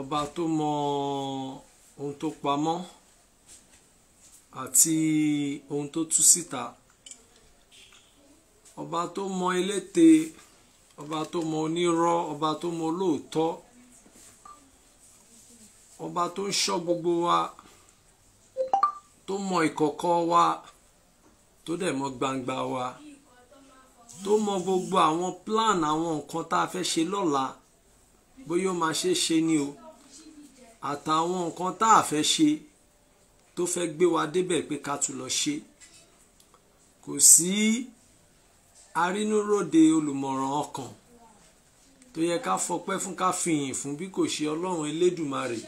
ọba tó mọ ohun tó pamọ́ àti ohun tó tú síta ọba tó mọ eléte ọba tó mọ onírọ́ ọba tó mọ olóòótọ́ ọba tó ń ṣọ́ gbogbo wa tó mọ ìkọ̀kọ̀ wa tó dẹ̀ mọ gbangba wa tó mọ gbogbo àwọn plan àwọn nǹkan tá a fẹ́ ṣe lọ́la bóyá ó máa ṣe é ṣe ni o àtàwọn nǹkan tá a fẹ́ ṣe tó fẹ́ gbé wa débẹ̀ pé ká tún lọ ṣe kò sí arínúróde olùmọ̀ràn ọkàn tó yẹ ká fọpẹ́ fún ká fìyìn fún bí kò ṣe ọlọ́run elédùmarè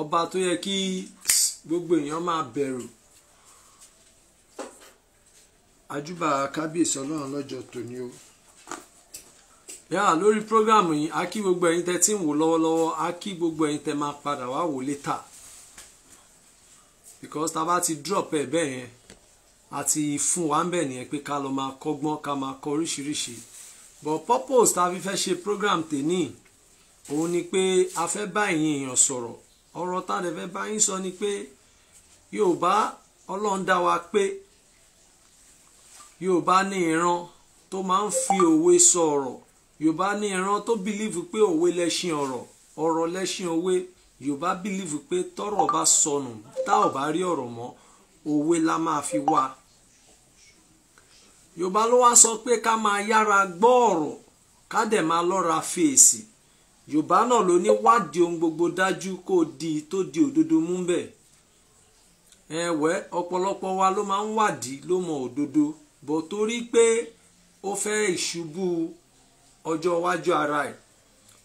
ọba tó yẹ kí gbogbo èèyàn máa bẹ̀rù ajúbà kábíyèsí ọlọ́run lọ́jọ́ tòní o yà lórí prógrámù yìí a kí gbogbo ẹ̀yin tẹ́ tí ń wò lọ́wọ́lọ́wọ́ a gbogbo ẹ̀yin tẹ́ máa padà wá wò létà because tá a bá ti drop ẹ̀ bẹ́ẹ̀ yẹn àti fún wa ń bẹ̀ nìyẹn pé ká lọ máa kọ́gbọ́n ká máa kọ oríṣiríṣi but purpose tá a fi fẹ́ ṣe program tèmi òun ni pé a fẹ́ bá ẹ̀yin èèyàn sọ̀rọ̀ ọ̀rọ̀ tá a lè fẹ́ bá yín sọ ni pé Yorùbá Ọlọ́run dá wa pé Yorùbá ní ìran tó máa ń fi òwe sọ̀rọ̀ yorùbá ní ẹran tó bìlíìfù pé òwe lẹ́ṣin ọ̀rọ̀ ọ̀rọ̀ lẹ́ṣin òwe yorùbá bìlíìfù pé tọ́rọ̀ bá sọnù tá ò bá rí ọ̀rọ̀ mọ́ òwe la máa fi wá yorùbá ló wá sọ pé ká máa yára gbọ́ ọ̀rọ̀ ká dẹ̀ máa lọ́ra fèsì yorùbá náà ló ní wádìí ohun gbogbo dájú kó di tó di òdodo mú bẹ́ẹ̀ ẹ̀wẹ́ ọ̀pọ̀lọpọ̀ wa ló máa ń wádìí ló mọ òdodo bọ̀ torí pé ó fẹ́ ìṣubú ọjọ́ iwájú ara ẹ̀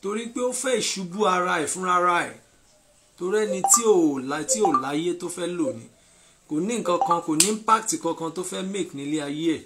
torí pé ó fẹ́ ìṣubú ara ẹ̀ fúnra ara ẹ̀ torí ẹni tí ò tí ò láyé tó fẹ́ lò ní kò ní nǹkan kan kò ní impact kankan tó fẹ́ make nílé ayé ẹ̀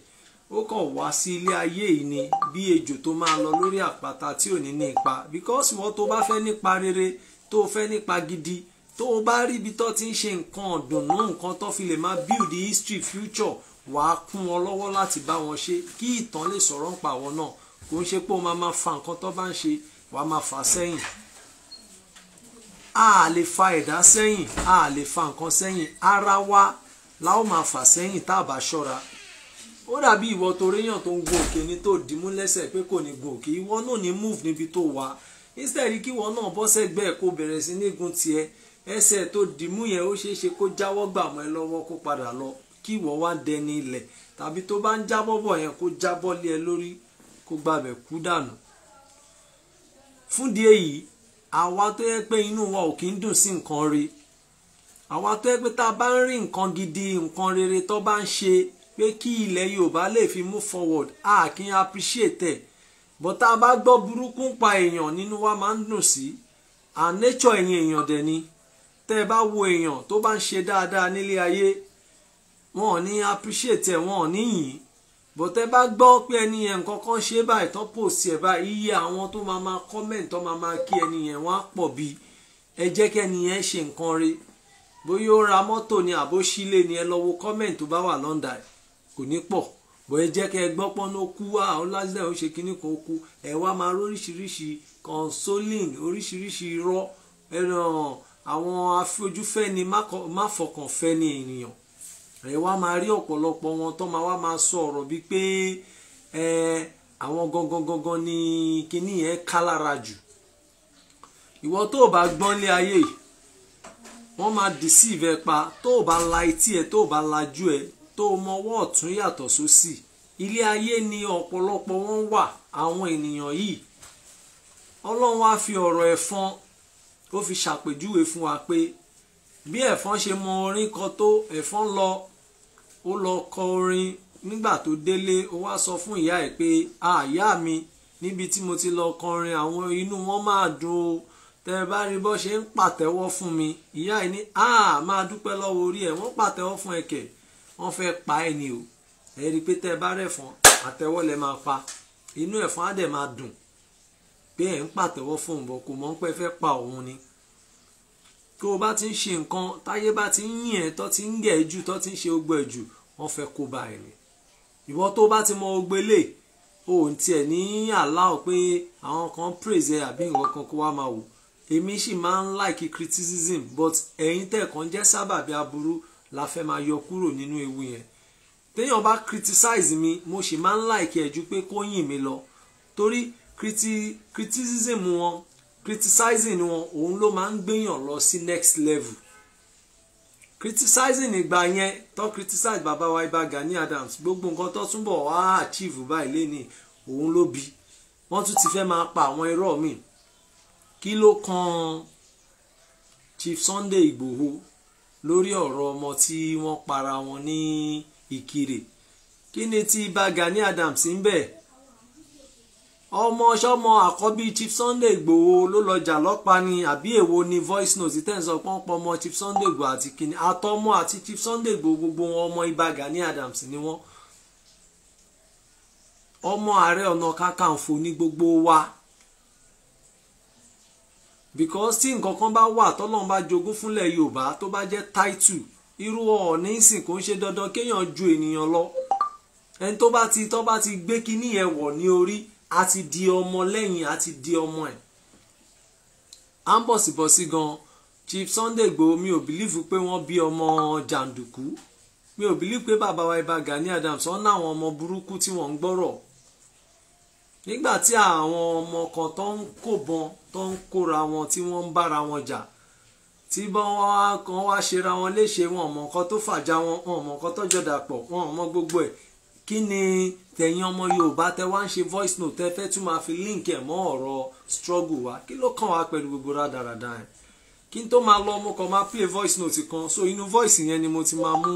ó kàn wá sí ilé ayé yìí ni bí ejò tó máa lọ lórí àpáta tí ò ní ní ipa because wọ́n tó bá fẹ́ nípa rere tó fẹ́ nípa gidi tó o bá rí ibi tó ti ń ṣe nǹkan ọ̀dùnnú nǹkan tó fi lè máa build history future wàá kún wọn lọ́wọ́ láti bá wọn ṣe kí ìtàn lè sọ̀rọ̀ ń pa àwọn náà kò ń ṣe pé ó máa máa fa nǹkan tó bá ń ṣe wàá máa fà sẹ́yìn a lè fa ẹ̀dá sẹ́yìn a lè fa nǹkan sẹ́yìn ara wa la ó máa fà sẹ́yìn tá a bá ṣọ́ra ó dàbí ìwọ toréyàn tó ń gun òkè ni tó dìímú lẹ́sẹ̀ pé kò ní gun òkè ìwọ náà ní move níbi tó wà instead kí ìwọ náà bọ́ sẹ́gbẹ́ ẹ̀ kó bẹ̀rẹ̀ sí ní gun tiẹ̀ ẹsẹ̀ tó dìímú yẹn ó ṣeé kó jáwọ́ gbà mọ́ ẹ lọ́wọ́ kó padà lọ kí ìwọ wá dẹni ilẹ̀ tàbí tó bá ń jábọ́ bọ̀ yẹn kó jábọ́ lé ẹ lórí kó gbàbẹ̀ kú dànù fúndìí èyí àwa tó yẹ pé inú wa ò kí ń dùn sí nǹkan rí àwa tó yẹ pé tá a bá ń rí nǹkan gidi nǹkan rere tó bá ń ṣe pé kí ilẹ̀ Yorùbá lè fi move forward a kì í appreciate ẹ̀ but tá a bá gbọ́ burúkú pa èèyàn nínú wa máa ń dùn sí à nature ẹ̀yìn èèyàn dẹ̀ ni tẹ́ ẹ bá wo èèyàn tó bá ń ṣe dáadáa nílé ayé wọn ò ní appreciate ẹ̀ wọn ò ní yìn bọ̀tẹ́ bá gbọ́ pé ẹni yẹn nǹkan kan ṣe báyìí tó pòsì ẹ̀ báyìí iye àwọn tó máa máa kọ́mẹ̀ntì tó máa máa kí ẹni yẹn wọ́n á pọ̀ bí ẹ jẹ́ kẹ́ni yẹn ṣe nǹkan rí bóyá ó ra mọ́tò ni àbó sílé ni ẹ lọ́wọ́ kọ́mẹ̀ntì tó bá wà lọ́ndà ẹ̀ kò ní pọ̀ bọ̀ ẹ jẹ́ kẹ́ ẹ gbọ́ pọ́n ló kú wá àwọn lásìlẹ̀ ó ṣe kinní kan ó kú ẹ wá máa róríṣiríṣi consoling oríṣiríṣi irọ́ ẹran àwọn afojúfẹ́ni máfọkànfẹ́ni ènìyàn ẹ wá máa rí ọ̀pọ̀lọpọ̀ wọn tó máa wá máa sọ ọ̀rọ̀ bíi pé ẹ àwọn gangan gangan ni kinní yẹn ká lára jù ìwọ tó o bá gbọ́n lé ayé yìí wọ́n máa deceive ẹ pa tó o bá la etí ẹ tó o bá lajú ẹ tó o mọwọ́ ọ̀tún yàtọ̀ sósì ilé ayé ni ọ̀pọ̀lọpọ̀ wọn wà àwọn ènìyàn yìí ọlọ́run á fi ọ̀rọ̀ ẹ̀fọn ó fi ṣàpèjúwe fún wa pé bí ẹ̀fọn ṣe mọ orin kan tó ẹ̀fọn lọ ó lọ kọ orin nígbà tó délé ó wá sọ fún ìyá ẹ̀ pé àyá mi níbi tí mo ti lọ kọrin àwọn inú wọn máa dùn o tẹ bá rí bó ṣe ń pàtẹ́wọ́ fún mi ìyá ẹ̀ ní a máa dúpẹ́ lọ́wọ́ orí ẹ̀ wọ́n pàtẹ́wọ́ fún ẹ̀kẹ́ wọ́n fẹ́ pa ẹ̀ ni o ẹ̀ rí i pé tẹ bá rẹ̀fọ́n àtẹ́wọ́ lẹ máa pa inú ẹ̀fọn á dẹ̀ máa dùn pé ẹ̀ ń pàtẹ́wọ́ fún òun bọ̀ kò mọ̀ ń pẹ́ fẹ́ pa òun ni kó o bá ti ń ṣe nǹkan táyé bá ti ń yìn ẹ́ tó ti ń gẹ̀ jù tó ti ń ṣe ogbó ẹ̀ jù wọ́n fẹ́ kó ba ẹ̀ ni ìwọ tó bá ti mọ ogbó lè o ò tiẹ̀ ní àláò pé àwọn kan praise ẹ àbí nǹkan kan kó wá máa wò èmi sì máa ń like criticism but ẹ̀yin tẹ̀kan jẹ́ sábàbí aburú la fẹ́ máa yọ kúrò nínú ewu yẹn téèyàn bá criticize mi mo sì máa ń like ẹ̀ ju pé kó yìn mí lọ torí criticism wọn criticizing wọn òun ló máa ń gbéyàn lọ sí next level criticizing ìgbà yẹn tó criticize bàbá wa Ìbà Gani Adams gbogbo nǹkan tó túnbọ̀ wá achieve báyìí lé ní òun ló bi wọ́n tún ti fẹ́ máa pa àwọn irọ́ mi. kí ló kan Chief Sunday Igboho lórí ọ̀rọ̀ ọmọ tí wọ́n para wọn ní Ìkirè kí ni ti Ìbà Gani Adams ń bẹ̀ẹ́ ọmọ ṣọmọ àkọ́bí Chief Sunday Igboho ló lọ́jà lọ́pa ni àbí èwo ni voice note tẹ́ ń sọ pọ́npọ́n ọmọ Chief Sunday Igboho àti kìnìún àtọmọ àti Chief Sunday Igboho gbogbo wọn ọmọ Ìbà Gani Adams ni wọ́n ọmọ Ààrẹ Ọ̀nà Kakanfò ní gbogbo wa because tí nǹkan kan bá wà tọ́lọ́run bá jogún fúnlẹ̀ Yorùbá tó bá jẹ́ title irú ọ̀ọ́nì ìsìn kò ń ṣe dandan kéèyàn ju ènìyàn lọ ẹni tó bá ti tó bá ti gbé kinní yẹn wọ̀ ní orí a ti di ọmọ lẹ́yìn a ti di ọmọ ẹ̀ à ń bọ̀sibọ̀sí gan Chief Sunday Igboho mi ò bìlífù pé wọ́n bí ọmọ jàǹdùkú mi ò bìlífù pé bàbá wa Ìbà Gani Adams wọ́n náwọn ọmọ burúkú tí wọ́n ń gbọ́rọ̀ nígbà tí àwọn ọmọ kan tó ń kóbọn tó ń kóra wọn tí wọ́n ń bára wọn jà tí bọ́n kan wá ṣera wọn léṣe wọn ọmọ kan tó fàjà wọn ọmọ kan tó jọdà pọ̀ wọn ọmọ gbogbo ẹ̀ kí ni tẹ̀yin ọmọ Yorùbá tẹ wá ń ṣe voice note tẹ fẹ́ tún máa fi link ẹ̀ mọ́ ọ̀rọ̀ struggle wa kí ló kàn wá pẹ̀lú gbogbo rádaràda ẹ̀ kí n tó máa lọ mo kàn máa play voice note kan so inú voice yẹn ni mo ti máa mú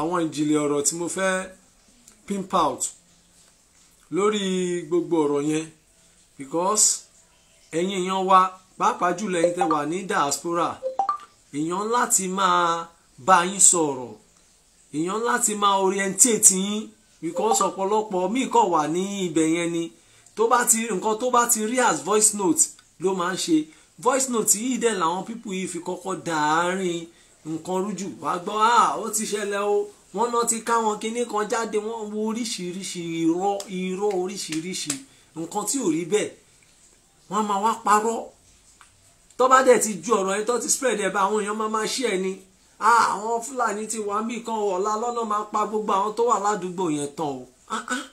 àwọn ìjìnlẹ̀ ọ̀rọ̀ tí mo fẹ́ pimp out lórí gbogbo ọ̀rọ̀ yẹn because ẹ̀yin èèyàn wa pàápàá jùlọ ẹ̀yin tẹ wà ní diaspora èèyàn láti máa bá yín sọ̀rọ̀ èèyàn láti máa orientate yín because ọ̀pọ̀lọpọ̀ míì kọ̀ wà ní ibẹ̀ yẹn ni tó bá ti nǹkan tó bá ti rí as voice note ló máa ń ṣe voice note yìí dẹ̀ làwọn pípù yìí fi kọ́kọ́ dàárín nǹkan rújù wá gbọ́ à ó ti ṣẹlẹ̀ o wọ́n náà ti ká wọn kinní kan jáde wọ́n wo oríṣiríṣi irọ́ irọ́ oríṣiríṣi nǹkan tí ò rí bẹ́ẹ̀ wọ́n máa wá parọ́ tó bá dẹ̀ ti ju ọ̀rọ̀ yẹn tó ti spread ẹ̀ bá àwọn èèyàn máa máa ṣí ẹ̀ ni Ah, àwọn fúlàní ti wà níbì kan ọ̀la lọ́nà máa pa gbogbo àwọn tó wà ládùúgbò yẹn tán o ah, ah.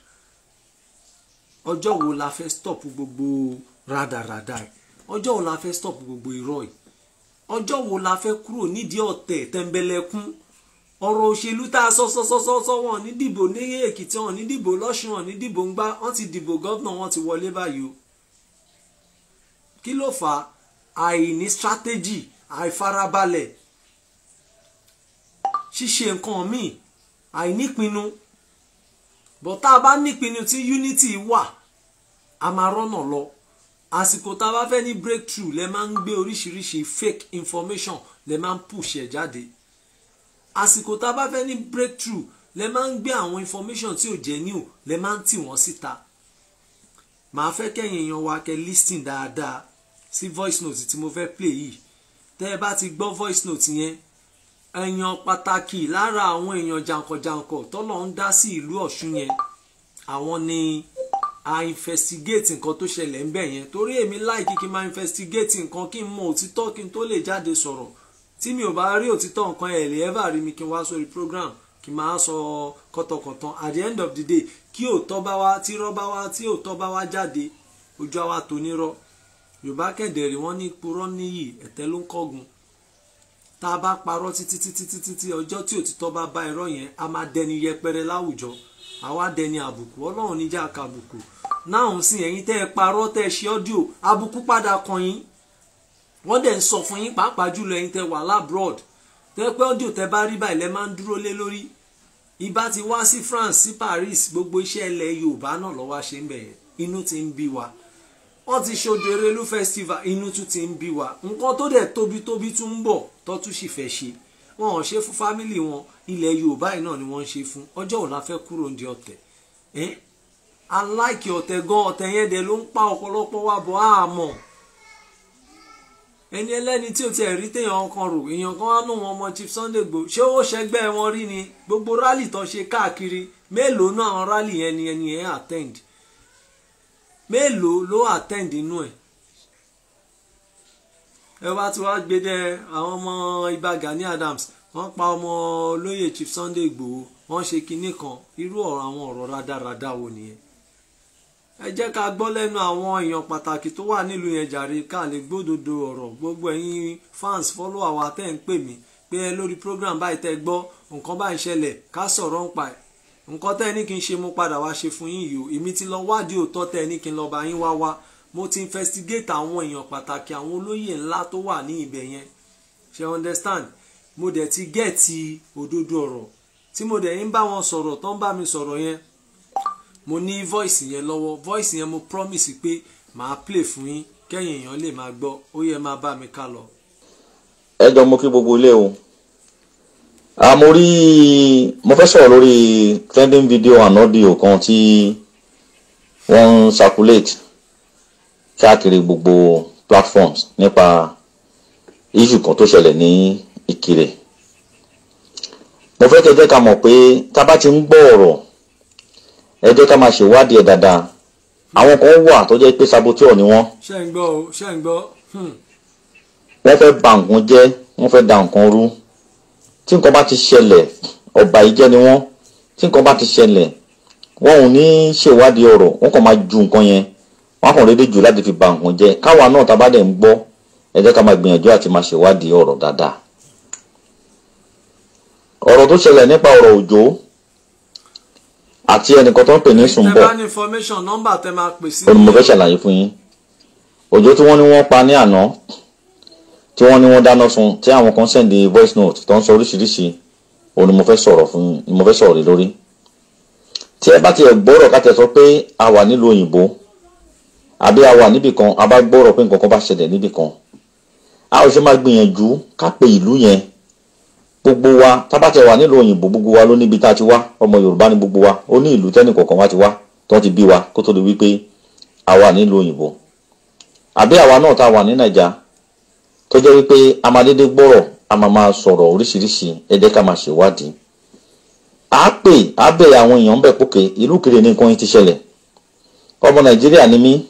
ọjọ́ wo la fẹ́ stop gbogbo rádaràda ẹ̀ ọjọ́ wo la fẹ́ stop gbogbo irọ́ ẹ̀ ọjọ́ wo la fẹ́ kúrò nídìí ọ̀tẹ̀ tẹ́ńbẹ́lẹ́kún ọ̀rọ̀ òṣèlú tá a sọ sọ sọ sọ sọ wọn ní dìbò ní èkìtì wọn ní dìbò lọ́sùn wọn ní dìbò ńgbá wọn ti dìbò gọ́vnà wọn ti wọlé báyìí o kí ló fà àìní strategy àìfarabalẹ̀ ṣíṣe nǹkan míì àìnípinnu bọ̀ tá a bá nípinnu tí unity wà a máa rọ́nà lọ àsìkò tá a bá fẹ́ ní breakthrough lẹ máa ń gbé oríṣiríṣi fake information lẹ máa ń push ẹ̀ jáde àsìkò tá a bá fẹ́ ní breakthrough lẹ máa ń gbé àwọn information tí ò jẹ́ new lẹ máa ń tì wọ́n síta màá fẹ́ kẹ́yìn èèyàn wa kẹ́ listen dáadáa sí voice note tí mo fẹ́ play yìí tẹ́ ẹ bá ti gbọ́ voice note yẹn èèyàn pàtàkì lára àwọn èèyàn jàǹkànjàǹkàn tọ́lọ̀ ń dá sí ìlú Ọ̀ṣun yẹn àwọn ni a investigate nǹkan tó ṣẹlẹ̀ ń bẹ̀ yẹn torí èmi láìkí kí n máa investigate nǹkan kí n mọ òtítọ́ kí n tó lè jáde sọ̀rọ̀ tí mi ò bá rí òtítọ́ nǹkan ẹ̀ lè ever rí mi kí n wá sórí program kí n máa sọ kọ́tọkọ̀tàn at the end of the day kí òótọ́ bá wá tí irọ́ bá wá tí òótọ́ bá wá jáde ojú àwa tó nírọ́ Yorùbá kẹ̀dẹ̀ rí wọ́n ní purọ́ níyì ẹ̀tẹ́ ló ń kọ́gun tá a bá parọ́ títí títí títí tí ọjọ́ tí òtítọ́ bá bá irọ́ yẹn a máa dẹni yẹpẹrẹ láwùjọ àwa dẹni àbùkù ọlọ́run níjà kàbùkù náà ń sìn ẹ̀yin tẹ́ ẹ parọ́ tẹ́ ẹ ṣe ọ́díò àbùkù padà kan yín wọ́n dẹ̀ ń sọ fún yín pàápàá jùlọ ẹ̀yin tẹ́ wà lábroad tẹ́ pé ọ́díò tẹ́ bá rí báyìí lẹ́ máa ń dúró lé lórí ibà ti wá sí France sí Paris gbogbo iṣẹ́ ilẹ̀ Yorùbá náà lọ́wọ́ ṣe ń bẹ̀yẹn inú ti ń bí wa wọ́n ti ṣojú Erelu festival inú tún ti ń bí wa nǹkan tó dẹ̀ tóbi tóbi tún ń bọ̀ tó tún sì fẹ́ ṣe wọn ò ṣe fún fámìlì wọn ilẹ̀ yorùbá yìí náà ni wọ́n ń ṣe fún ọjọ́ òun la fẹ́ kúrò ní ọ̀tẹ̀ aláìkè ọ̀tẹ̀ gan ọ̀tẹ̀ yẹn dẹ̀ ló ń pa ọ̀pọ̀lọpọ̀ wa bọ̀ àmọ́ ẹni ẹlẹ́ni tí o ti ẹ̀rí téèyàn kan rò èèyàn kan wá lóun ọmọ Chief Sunday Igboho ṣé ó ṣẹgbẹ́ wọn rí ni gbogbo rálì tó ṣe káàkiri mélòó náà àwọn rálì yẹn ni ẹni yẹn attend mélòó ló attend inú ẹ̀ ẹ wá tí wàá gbé dẹ àwọn ọmọ ibà Gani Adams wọ́n pa ọmọ olóyè Chief Sunday Igboho wọ́n ṣe kinní kan irú ọ̀rọ̀ àwọn ọ̀rọ̀ rádaràda wo nìyẹn ẹ jẹ́ ká gbọ́ lẹ́nu àwọn èèyàn pàtàkì tó wà nílùú yẹn jàre ká lè gbódodo ọ̀rọ̀ gbogbo ẹ̀yin fans fọ́lọ́ àwa tẹ́ ń pè mí pé lórí program báyìí tẹ́ gbọ́ nǹkan báyìí ṣẹlẹ̀ ká sọ̀rọ̀ ń pa ẹ̀ nǹkan tẹ́ ní kí n ṣe mo padà wá ṣe fún yín yìí o èmi ti lọ wádìí òótọ́ tẹ́ ní kí n lọ bá yín wá wá mo ti investigate àwọn èèyàn pàtàkì àwọn olóyè ńlá tó wà ní ibẹ̀ yẹn ṣe understand mo dẹ̀ ti gẹ̀ẹ́tì òdodo ọ̀rọ̀ tí mo dẹ̀ ń bá wọn sọ̀rọ̀ tó bá mi sọ̀rọ̀ yẹn mo ní voice yẹn lọ́wọ́ voice yẹn mo promise pé màá play fún yín kẹ́yìn èèyàn lè máa gbọ́ ó yẹ máa bá mi ká lọ. ẹ jọ mo kí gbogbo ilé o mo rí mo fẹ́ sọ̀rọ̀ lórí trending video and audio kan tí wọ́n ń circulate káàkiri gbogbo platforms nípa issue kan tó ṣẹlẹ̀ ní Ìkirè mo fẹ́ kẹ́ jẹ́ ká mọ̀ pé tá a bá ti ń gbọ́ ọ̀rọ̀ ẹ jẹ́ ká máa ṣèwádìí ẹ̀ dáadáa àwọn kan wà tó jẹ́ pé saboteur ni wọ́n. ṣé ń gbọ́ o ṣé ń gbọ́. Hmm. wọ́n fẹ́ ba nǹkan jẹ́ wọ́n fẹ́ da nǹkan rú tí nǹkan bá ti ṣẹlẹ̀ ọ̀bà ìjẹ́ ni wọ́n tí nǹkan bá ti ṣẹlẹ̀ wọ́n ò ní ṣèwádìí ọ̀rọ̀ wọ́n kàn máa ju nǹkan yẹn wọn kàn déédéé jù láti fi ba nǹkan jẹ́ káwa náà tá a bá dẹ̀ ń gbọ́ ẹ jẹ́ ká máa gbìyànjú àti máa ṣèwádìí ọ̀rọ̀ dáadáa ọ̀rọ̀ tó ṣẹlẹ̀ nípa ọ̀rọ̀ òjò àti ẹnìkan tó ń pè ní sùnbọ̀ olùmọ̀fẹ́ ṣàlàyé fún yín òjò tí wọ́n ní wọ́n pa ní àná tí wọ́n ní wọ́n dáná sun tí àwọn kan sẹ́ndì voice note tó ń sọ oríṣiríṣi olùmọ̀fẹ́ sọ̀rọ̀ fún yín olùmọ̀fẹ́ sọ̀rọ̀ lórí tí ẹ bá tiẹ̀ gbọ́rọ̀ ká tẹ̀ àbí a wà níbì kan a bá gbọ́rọ̀ pé nǹkan kan bá ṣẹlẹ̀ níbì kan a ò ṣe máa gbìyànjú ká pe ìlú yẹn gbogbo wa tábàtẹ̀ wà nílùú òyìnbó gbogbo wa ló níbi tá a ti wá ọmọ Yorùbá ní gbogbo wa ó ní ìlú tẹ́nì kọ̀ọ̀kan wa ti wá tó ti bí wa kó tó di wípé a wà nílùú òyìnbó àbí àwa náà tá a wà ní Nàìjà tó jẹ́ wípé a máa dédé gbọ́rọ̀ a máa máa sọ̀rọ̀ oríṣiríṣi ẹ̀dẹ́ ká máa ṣèwádìí a pè á bẹ̀ àwọn èèyàn bẹ̀ pókè ìlú kiri ní yìí ti ṣẹlẹ̀ ọmọ Nàìjíríà ni mí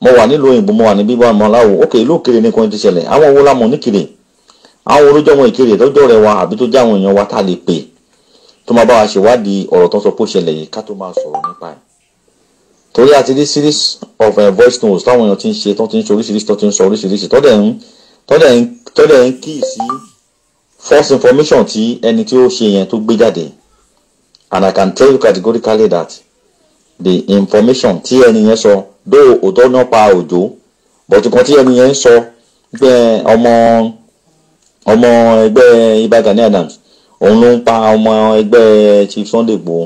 mo wà nílùú òyìnbó mo wà ní bíbá ọmọ aláwo ok ìlú òkèrè ní kan ti ṣẹlẹ̀ àwọn wo la mọ̀ àwọn olójọ́ ọmọ ìkèrè lọ́jọ́ rẹ wa àbí tó jẹ́ àwọn èèyàn wa tá a lè pè tó máa bá wa ṣèwádìí ọ̀rọ̀ tó sọ pé ó ṣẹlẹ̀ yìí ká tó máa sọ̀rọ̀ nípa ẹ̀ torí àti rí series of uh, voice notes táwọn èèyàn ti ń ṣe tó ti ń ṣe oríṣiríṣi tó ti ń sọ oríṣiríṣi tó dẹ̀ ń tó ń tó ń kí sí false information tí ẹni tí ó ṣe yẹn tó gbé jáde and I can tell you categorically that the information tí ẹni yẹn sọ so, dó òótọ́ náà pa òjò bọ̀tù kan tí ẹni yẹn ń sọ pé ọmọ ọmọ ẹgbẹ́ Ìbà Gani Adams òun ló ń pa ọmọ ẹgbẹ́ Chief Sunday Igboho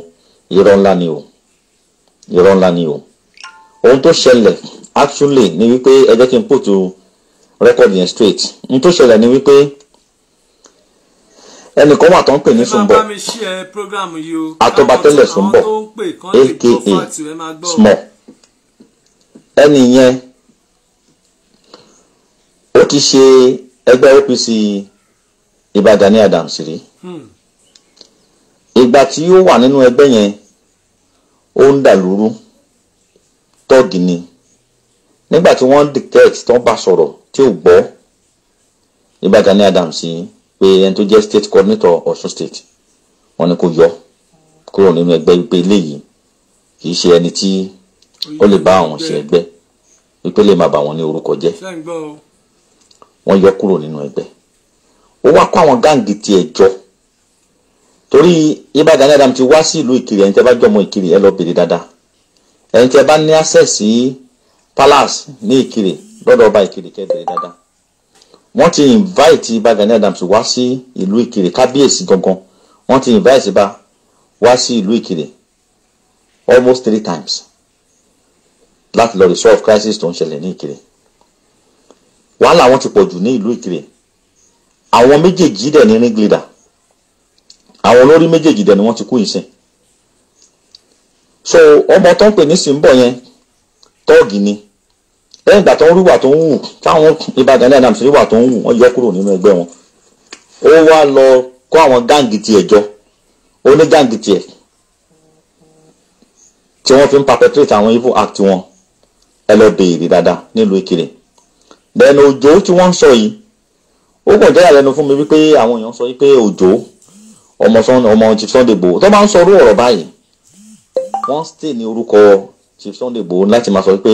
irọ́ ńlá ni o irọ́ ńlá ni o ohun tó ṣẹlẹ̀ actually ni wípé ẹ jẹ́ kí n put to record yẹn straight ohun tó ṣẹlẹ̀ ni wípé ẹnìkan wà tó ń pè ní Sunbọ̀ àtọ̀bátẹ́lẹ̀ Sunbọ̀ aka small ẹnì yẹn ó ti ṣe ẹgbẹ́ APC Ìbà Gani Adams rí hmm. ìgbà tí ó wà nínú ẹgbẹ́ yẹn ó ń dà lóru tọ́ọ̀gì ni nígbà tí wọ́n dìtẹ́t tó ń bá sọ̀rọ̀ tí ò gbọ́ Ìbà Gani Adams pé ẹni tó jẹ́ state coordinator Ọ̀ṣun state wọ́n ní kó yọ kúrò nínú ẹgbẹ́ wípé eléyìí kì í ṣe ẹni tí ó lè bá àwọn ṣe ẹgbẹ́ wípé lè máa bà wọ́n ní orúkọ jẹ́ wọ́n yọ kúrò nínú ẹgbẹ́ ó wá kó àwọn gáǹgì tiẹ̀ jọ torí Ìbà Gani Adams ti wá sí ìlú Ìkirì ẹni tẹ́ bá jọmọ Ìkirì ẹ lọ bèrè dáadáa ẹni tẹ́ bá ní access sí palace ní Ìkirì lọ́dọ̀ ọba Ìkirì kẹ́ bèrè dáadáa wọ́n ti invite Ìbà Gani Adams wá sí ìlú Ìkirì kábíyèsí gangan wọ́n ti invite bá wá sí ìlú Ìkirì almost three times láti lọ resolve crisis tó ń ṣẹlẹ̀ ní Ìkirè wàhálà wọn ti pọ̀ jù ní ìlú Ìkirè àwọn méjèèjì dẹ̀ ní ringleader àwọn olórí méjèèjì dẹ̀ ni wọ́n ti kú ìsìn so ọmọ tó ń pè ní Simbo yẹn tọ́ọ̀gì ni lẹ́yìn ìgbà tó ń ríwà tó ń wù táwọn Ìbàdàn náà nàmùsùn ríwà tó ń wù wọ́n yọ kúrò nínú ẹgbẹ́ wọn ó wá lọ kó àwọn gáǹgì tiẹ̀ jọ ó ní gáǹgì tiẹ̀ tí wọ́n fi ń perpetrate àwọn evil act wọn ẹ lọ béèrè dáadáa nílùú Ìkirè lẹ́nu Òjó tí wọ́n ń sọ yìí ó kàn jẹ́ ìyàlẹ́nu fún mi wípé àwọn èèyàn sọ wípé Òjó ọmọ ọmọ Chief Sunday Igboho tó bá ń sọ orú ọ̀rọ̀ báyìí wọ́n stay ní orúkọ Chief Sunday Igboho láti máa sọ wípé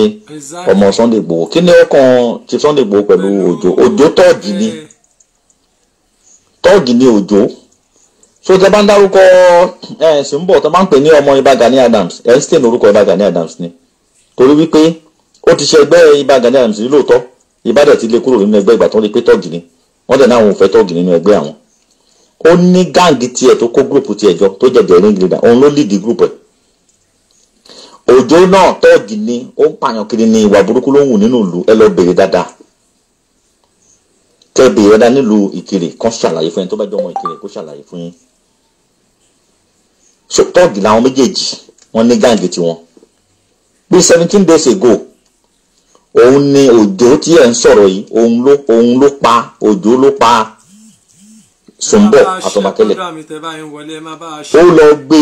ọmọ Sunday Igboho kí ni ọkàn Chief Sunday Igboho pẹ̀lú Òjó Òjó tọ́ọ̀gì ni eh. tọ́ọ̀gì ni Òjó so tẹ bá ń dárúkọ ẹ ṣùgbọ́n tó máa ń pè ní ọmọ Ìbà Gani Adams ẹ ń stay ní orúkọ Ìbà Gani Adams ni torí wípé ó ti ṣe ẹgbẹ́ Ìbà Gani Adams lóòótọ́ ìbàdàn ti lé kúrò nínú ẹgbẹ́ ìgbà tó ń rí pé tọ́ọ̀gì ni wọ́n dẹ̀ náà òun fẹ́ tọ́ọ̀gì nínú ẹgbẹ́ àwọn ó ní gáàngì tiẹ̀ tó kó gúrùpù tiẹ̀ jọ tó jẹ́ the ring òun ló lead gúrùpù ẹ̀ òjò náà tọ́ọ̀gì ni ó ń pààyàn kiri ni ìwà burúkú ló ń wù nínú ìlú ẹ lọ bèrè dáadáa tẹ bèrè dáadáa nílùú ìkirè kan ṣàlàyé fún seventeen days ago òun ni òjò tí ẹ̀ ń sọ̀rọ̀ yìí òun ló òun ló pa òjò ló pa Sùnbọ̀ Àtọ̀bàkẹ́lẹ̀ ó lọ gbé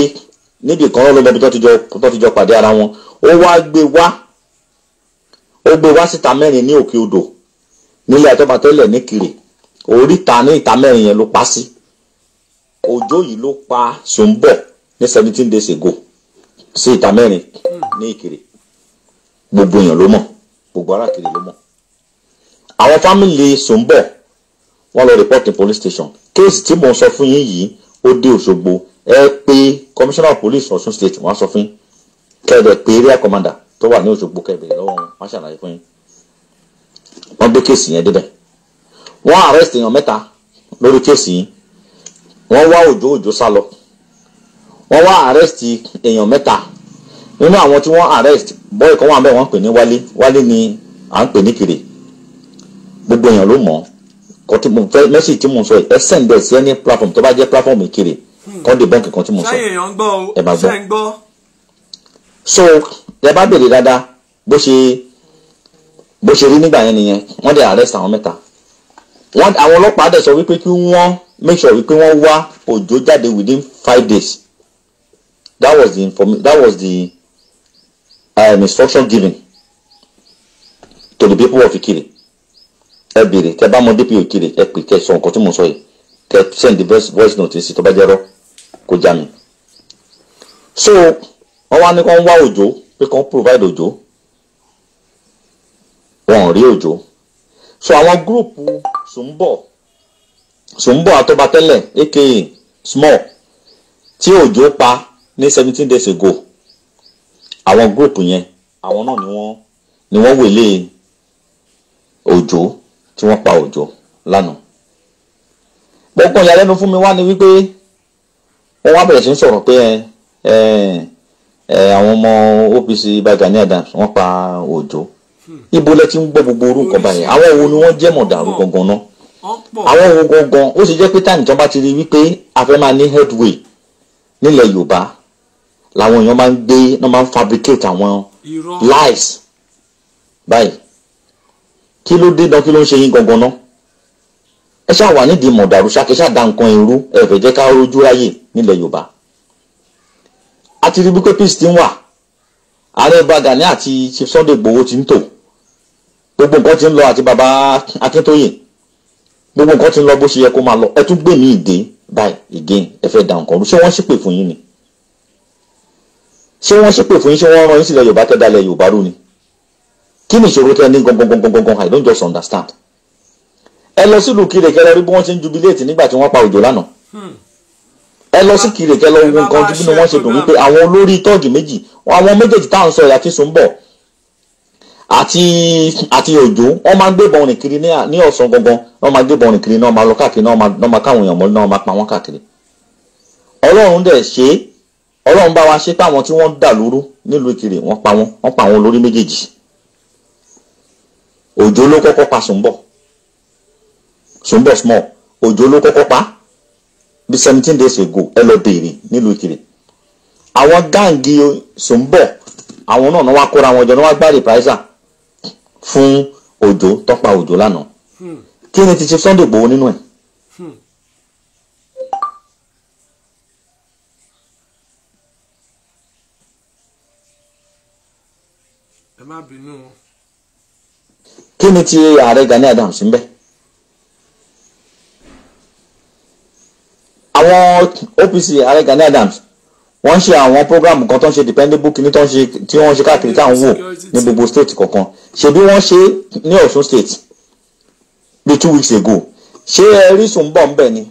níbi kan lọ́ọ́ lọ́bi tó ti jọ pàdé ara wọn ó wá gbé wá ó gbé wá síta mẹ́rin ní òkè odò nílé Àtọ̀bàkẹ́lẹ̀ níkiri oríta ní ìta mẹ́rin yẹn ló pa sí òjò yìí ló pa Sùnbọ̀ ní seventeen days ago sí ìta mẹ́rin ní ìkiri gbogbo èèyàn ló mọ̀ gbogbo ara kiri ló mọ̀ àwọn fámìlì sòǹbọ̀ wọ́n lọ rìpọ́tì police station kéèsì tí mò ń sọ fún yín yìí ó dé Òṣogbo ẹ pé commissioner of police Ọ̀ṣun state wọ́n á sọ fún yín pé area commander tó wà ní Òṣogbo kẹ́ẹ̀bẹ̀rẹ̀ lọ́wọ́ wọn wọ́n ṣàlàyé fún yín wọ́n gbé kéèsì yẹn débẹ̀ wọ́n arrest èèyàn mẹ́ta lórí kéèsì yìí wọ́n wá òjò òjò sá lọ wọ́n wá arrest èèyàn mẹ́ta nínú àwọn tí wọ́n arrest bọ́ọ̀ì kan wà ń bẹ̀ wọ́n pè ní wálé wálé ni à ń pè ní kiri gbogbo èèyàn ló mọ̀ kọ́ tí mo fẹ́ mẹ́sì tí mo sọ yìí ẹ sẹ́ǹdẹ̀ sí ẹni platform tó bá jẹ́ platform kiri hmm. kọ́ dé bọ́ǹkì kan tí mo sọ ẹ máa gbọ́ so ẹ bá béèrè dáadáa bó ṣe bó ṣe rí nígbà yẹn nìyẹn wọ́n dẹ̀ arrest àwọn mẹ́ta wọ́n àwọn ọlọ́pàá dẹ̀ sọ wípé kí wọ́n make sure wípé wọ́n wá òjò jáde within five days that was the information that was the I am instruction given to the people of Ikire ẹ béèrè tẹ bá mọ DPO Ikire ẹ pè kẹ sọ nǹkan tí mo sọ yìí kẹ send the voice voice note sí tó bá jẹrọ kó já mi so wọn wá ní kó ń wá òjò pé kó ń provide òjò wọn ò rí òjò so àwọn gúrùpù sùnbọ̀ sùnbọ̀ àtọ́batẹ́lẹ̀ aka small tí òjò pa ní seventeen days ago àwọn gúrùpù yẹn àwọn náà ni wọ́n ni wọ́n wèlé òjò tí wọ́n pa òjò lánàá pọ́npọ́n ìyàlẹ́nu fún mi wá ni wípé wọ́n wá bẹ̀rẹ̀ sí ń sọ̀rọ̀ pé àwọn ọmọ OPC Ba Gani Adams wọ́n pa òjò hmm. ibo lẹ ti ń gbọ́ gbogbo orú báyìí àwọn wo ni wọ́n jẹ́ mọ̀dàrú gangan náà àwọn wo gangan ó sì jẹ́ pé táyì tán bá ti rí wípé a fẹ́ máa ní headway nílẹ̀ Yorùbá làwọn èèyàn máa ń gbé wọ́n máa ń fabricate àwọn lies báyìí kí ló dé dán kí ló ń ṣe yín gangan náà ẹ ṣáà wà nídìí mọ̀dàrú ṣáké ṣáà da nǹkan irú ẹ fẹ́ jẹ́ ká rojú ráyè nílẹ̀ yorùbá àti rí wípé peace ti ń wà ààrẹ bagani àti chief sunday gbowó ti ń tò gbogbo nǹkan ti ń lọ àti baba akíntóyè gbogbo nǹkan ti ń lọ bó ṣe yẹ kó máa lọ ẹ tún gbèmí ìdè báyìí again ẹ fẹ́ da nǹkan rú ṣé wọ́n ṣìpè fún yín ni ṣé wọ́n ṣépè fún yín ṣé wọ́n rán yín sílẹ̀ yorùbá kẹ́dá lẹ̀ yorùbá rú ni kí ni ìṣòro tẹ́ ní gangan i don't just understand ẹ lọ sílùú kiri kẹlẹ rí bí wọ́n ṣe ń jubiléètì nígbà tí wọ́n pa òjò lánàá ẹ lọ sí kiri kẹlẹ ohun nǹkan ojú bínú wọn ṣe dùn wípé àwọn olórí tọ́ọ̀gì méjì àwọn méjèèjì tá sọ ìyá tí bọ̀ àti àti òjò wọ́n máa ń gbébọn rìn kiri ní ọ̀sán gangan wọ́n máa gbébọn rìn kiri náà máa lọ káàkiri náà máa káwọn èèyàn mọ́lẹ́ náà máa pa wọ́n káàkiri ọlọ́run dẹ̀ ṣe é ọlọ́run bá wa ṣe táwọn tí wọ́n dà lóró nílùú Ìkirè wọ́n pa wọ́n wọ́n pa wọ́n lórí méjèèjì òjò ló kọ́kọ́ pa sùnbọ̀ sùnbọ̀ small òjò ló kọ́kọ́ pa bí seventeen days ago ẹ lọ béèrè nílùú Ìkirè àwọn gáàngì sùnbọ̀ àwọn náà wọ́n wá kóra wọn jọ wọ́n wá gbá reprisal fún òjò tọ́pa òjò lánàá hmm. kí ni ti ṣe Sunday Igboho nínú ẹ̀. má bínú o. kí ni ti ààrẹ Gani Adams ń bẹ. àwọn OPC ààrẹ Gani Adams wọ́n ṣe àwọn programu kan tó ń ṣe dependable kìíní tí wọ́n ṣe káàkiri táwọn wò ní gbogbo state kọ̀ọ̀kan ṣebí wọ́n ṣe ní Ọ̀ṣun state bíi two weeks ago ṣé ẹ rí ń bẹ̀ ni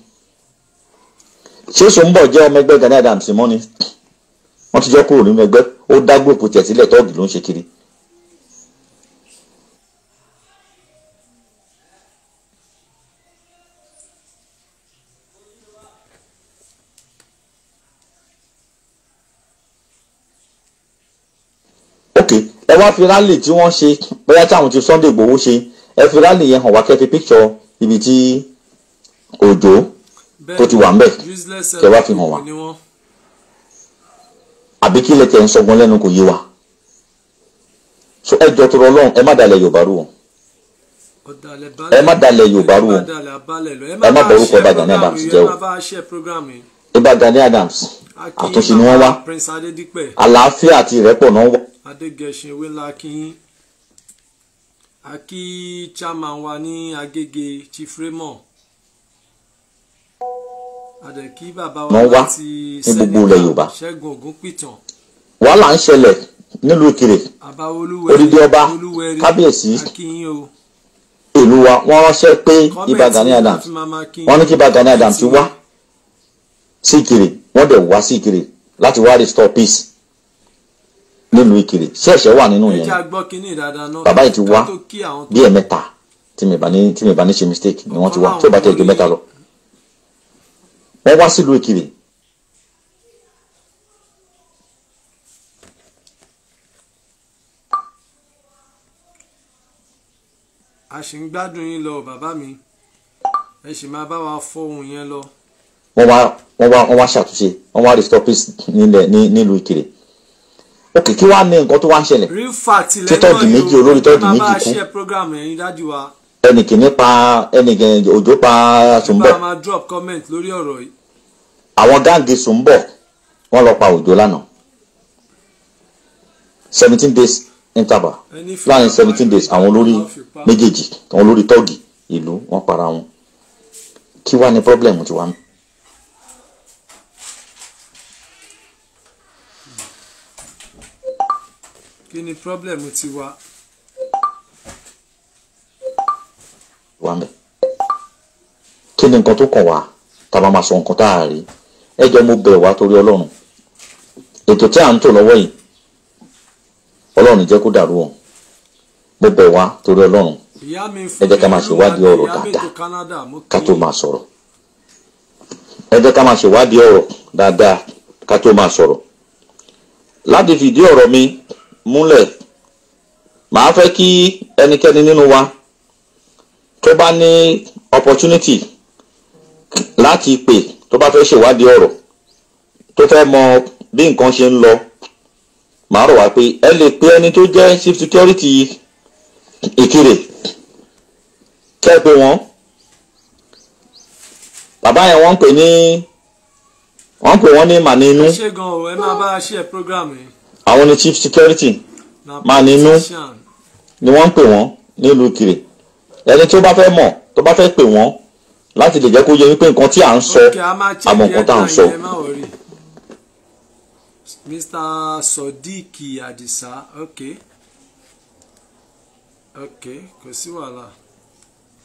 ṣé sùnbọ̀ jẹ́ ọmọ ẹgbẹ́ Gani Adams mọ́ ni wọ́n ti jọ kúrò nínú ẹgbẹ́ ó dá gbòòpù tẹ̀ sílẹ̀ tọ́ọ̀gì ló ń ṣe kiri wá fi rálì tí wọ́n ṣe bóyá táwọn ti Sunday Igboho ṣe ẹ fi rálì yẹn hàn wá kẹ́ fi picture ibi tí òjò tó ti wà ń bẹ̀ kẹ́ wá fi hàn wá àbí kí lẹ tẹ̀ ń sọgbọ́n lẹ́nu kò yé wa so ẹ jọ tọrọ Ọlọ́run ẹ má dalẹ̀ Yorùbá rú o ẹ má dalẹ̀ Yorùbá rú o ẹ má bọ̀ orúkọ Ìbà Gani Adams jẹ́ o Ìbà Gani Adams àtúnṣe ni wọ́n wá àlàáfíà àti ìrẹ́pọ̀ náà wà adégẹṣin ewé ńlá kín akí chairman wa ní agége chief Raymond adẹ̀kí bàbá wa láti sẹ́nìtà ṣẹ́gun ògúnpìtàn. wàhálà ń ṣẹlẹ̀ nílùú òkèrè odidi ọba kábíyèsí ìlú wa wọ́n ránṣẹ́ pé ibà Gani Adams wọ́n ní kí ibà Gani Adams ti wá sí ìkirè wọ́n dẹ̀ wá sí ìkirè láti wá restore peace nílùú ìkirè ṣẹ̀ṣẹ̀ wà nínú yẹn bàbá yìí ti wá bí ẹ̀mẹ́ta tí mi bá ní tí mi bá ní ṣe mistake ni wọ́n ti wá tí ó bá tẹ̀ ju mẹ́ta lọ wọ́n wá sílùú ìkirè a sì ń gbádùn yín lọ bàbá mi ẹ sì máa bá wa fọ ohun yẹn lọ. wọ́n wá wọ́n wá wọ́n wá ṣàtúnṣe wọ́n wá restore peace nílẹ̀ nílùú ìkirè ok kí wàá ní nǹkan tó wá ń ṣẹlẹ̀ tí tọ́ọ̀dì méjì olórí tọ́ọ̀dì méjì kú ẹnì kìíní pa ẹnì kìíní òjò pa sùnbọ̀ àwọn gáàngì sùnbọ̀ wọ́n lọ pa òjò lánàá seventeen days interval láàrin seventeen days àwọn olórí méjèèjì àwọn olórí tọ́ọ̀gì ìlú wọ́n para wọn kí wàá ní pọ́blẹ́mù tí kí ni problem ti wa. wà mí kí ni nǹkan tó kàn wá tá a bá máa sọ nǹkan tá a rí ẹ jọ mo bẹ̀ wá torí ọlọ́run ètò tí à ń tò lọ́wọ́ yìí ọlọ́run jẹ́ kó dàrú o mo bẹ̀ wá torí ọlọ́run ẹ jẹ́ ká máa ṣèwádìí ọ̀rọ̀ dáadáa ká tó máa sọ̀rọ̀ ẹ jẹ́ ká máa ṣèwádìí ọ̀rọ̀ dáadáa ká tó máa sọ̀rọ̀ láti fìdí ọ̀rọ̀ mi múlẹ̀ màá fẹ́ kí ẹnikẹ́ni nínú wa tó bá ní opportunity láti pè tó bá fẹ́ ṣèwádìí ọ̀rọ̀ tó fẹ́ mọ bí nǹkan ṣe ń lọ màá rọ̀ wá pé ẹ lè pe ẹni tó jẹ́ chief security Ìkirè kẹ́ ẹ pé wọ́n bàbá yẹn wọ́n pè ní wọ́n pè wọ́n ní màní inú. ẹ ṣe gan o ẹ máa bá a ṣe program yìí àwọn ni chief security máa ní inú ni wọ́n ń pè wọ́n nílùú Ìkirè ẹni tí ó bá fẹ́ mọ̀ tó bá fẹ́ pè wọ́n láti lè jẹ́ kó yẹ wípé nǹkan tí à ń sọ àmọ́ nǹkan tá à ń sọ. Mr. Sodiq Adisa okay okay kò sí wàhálà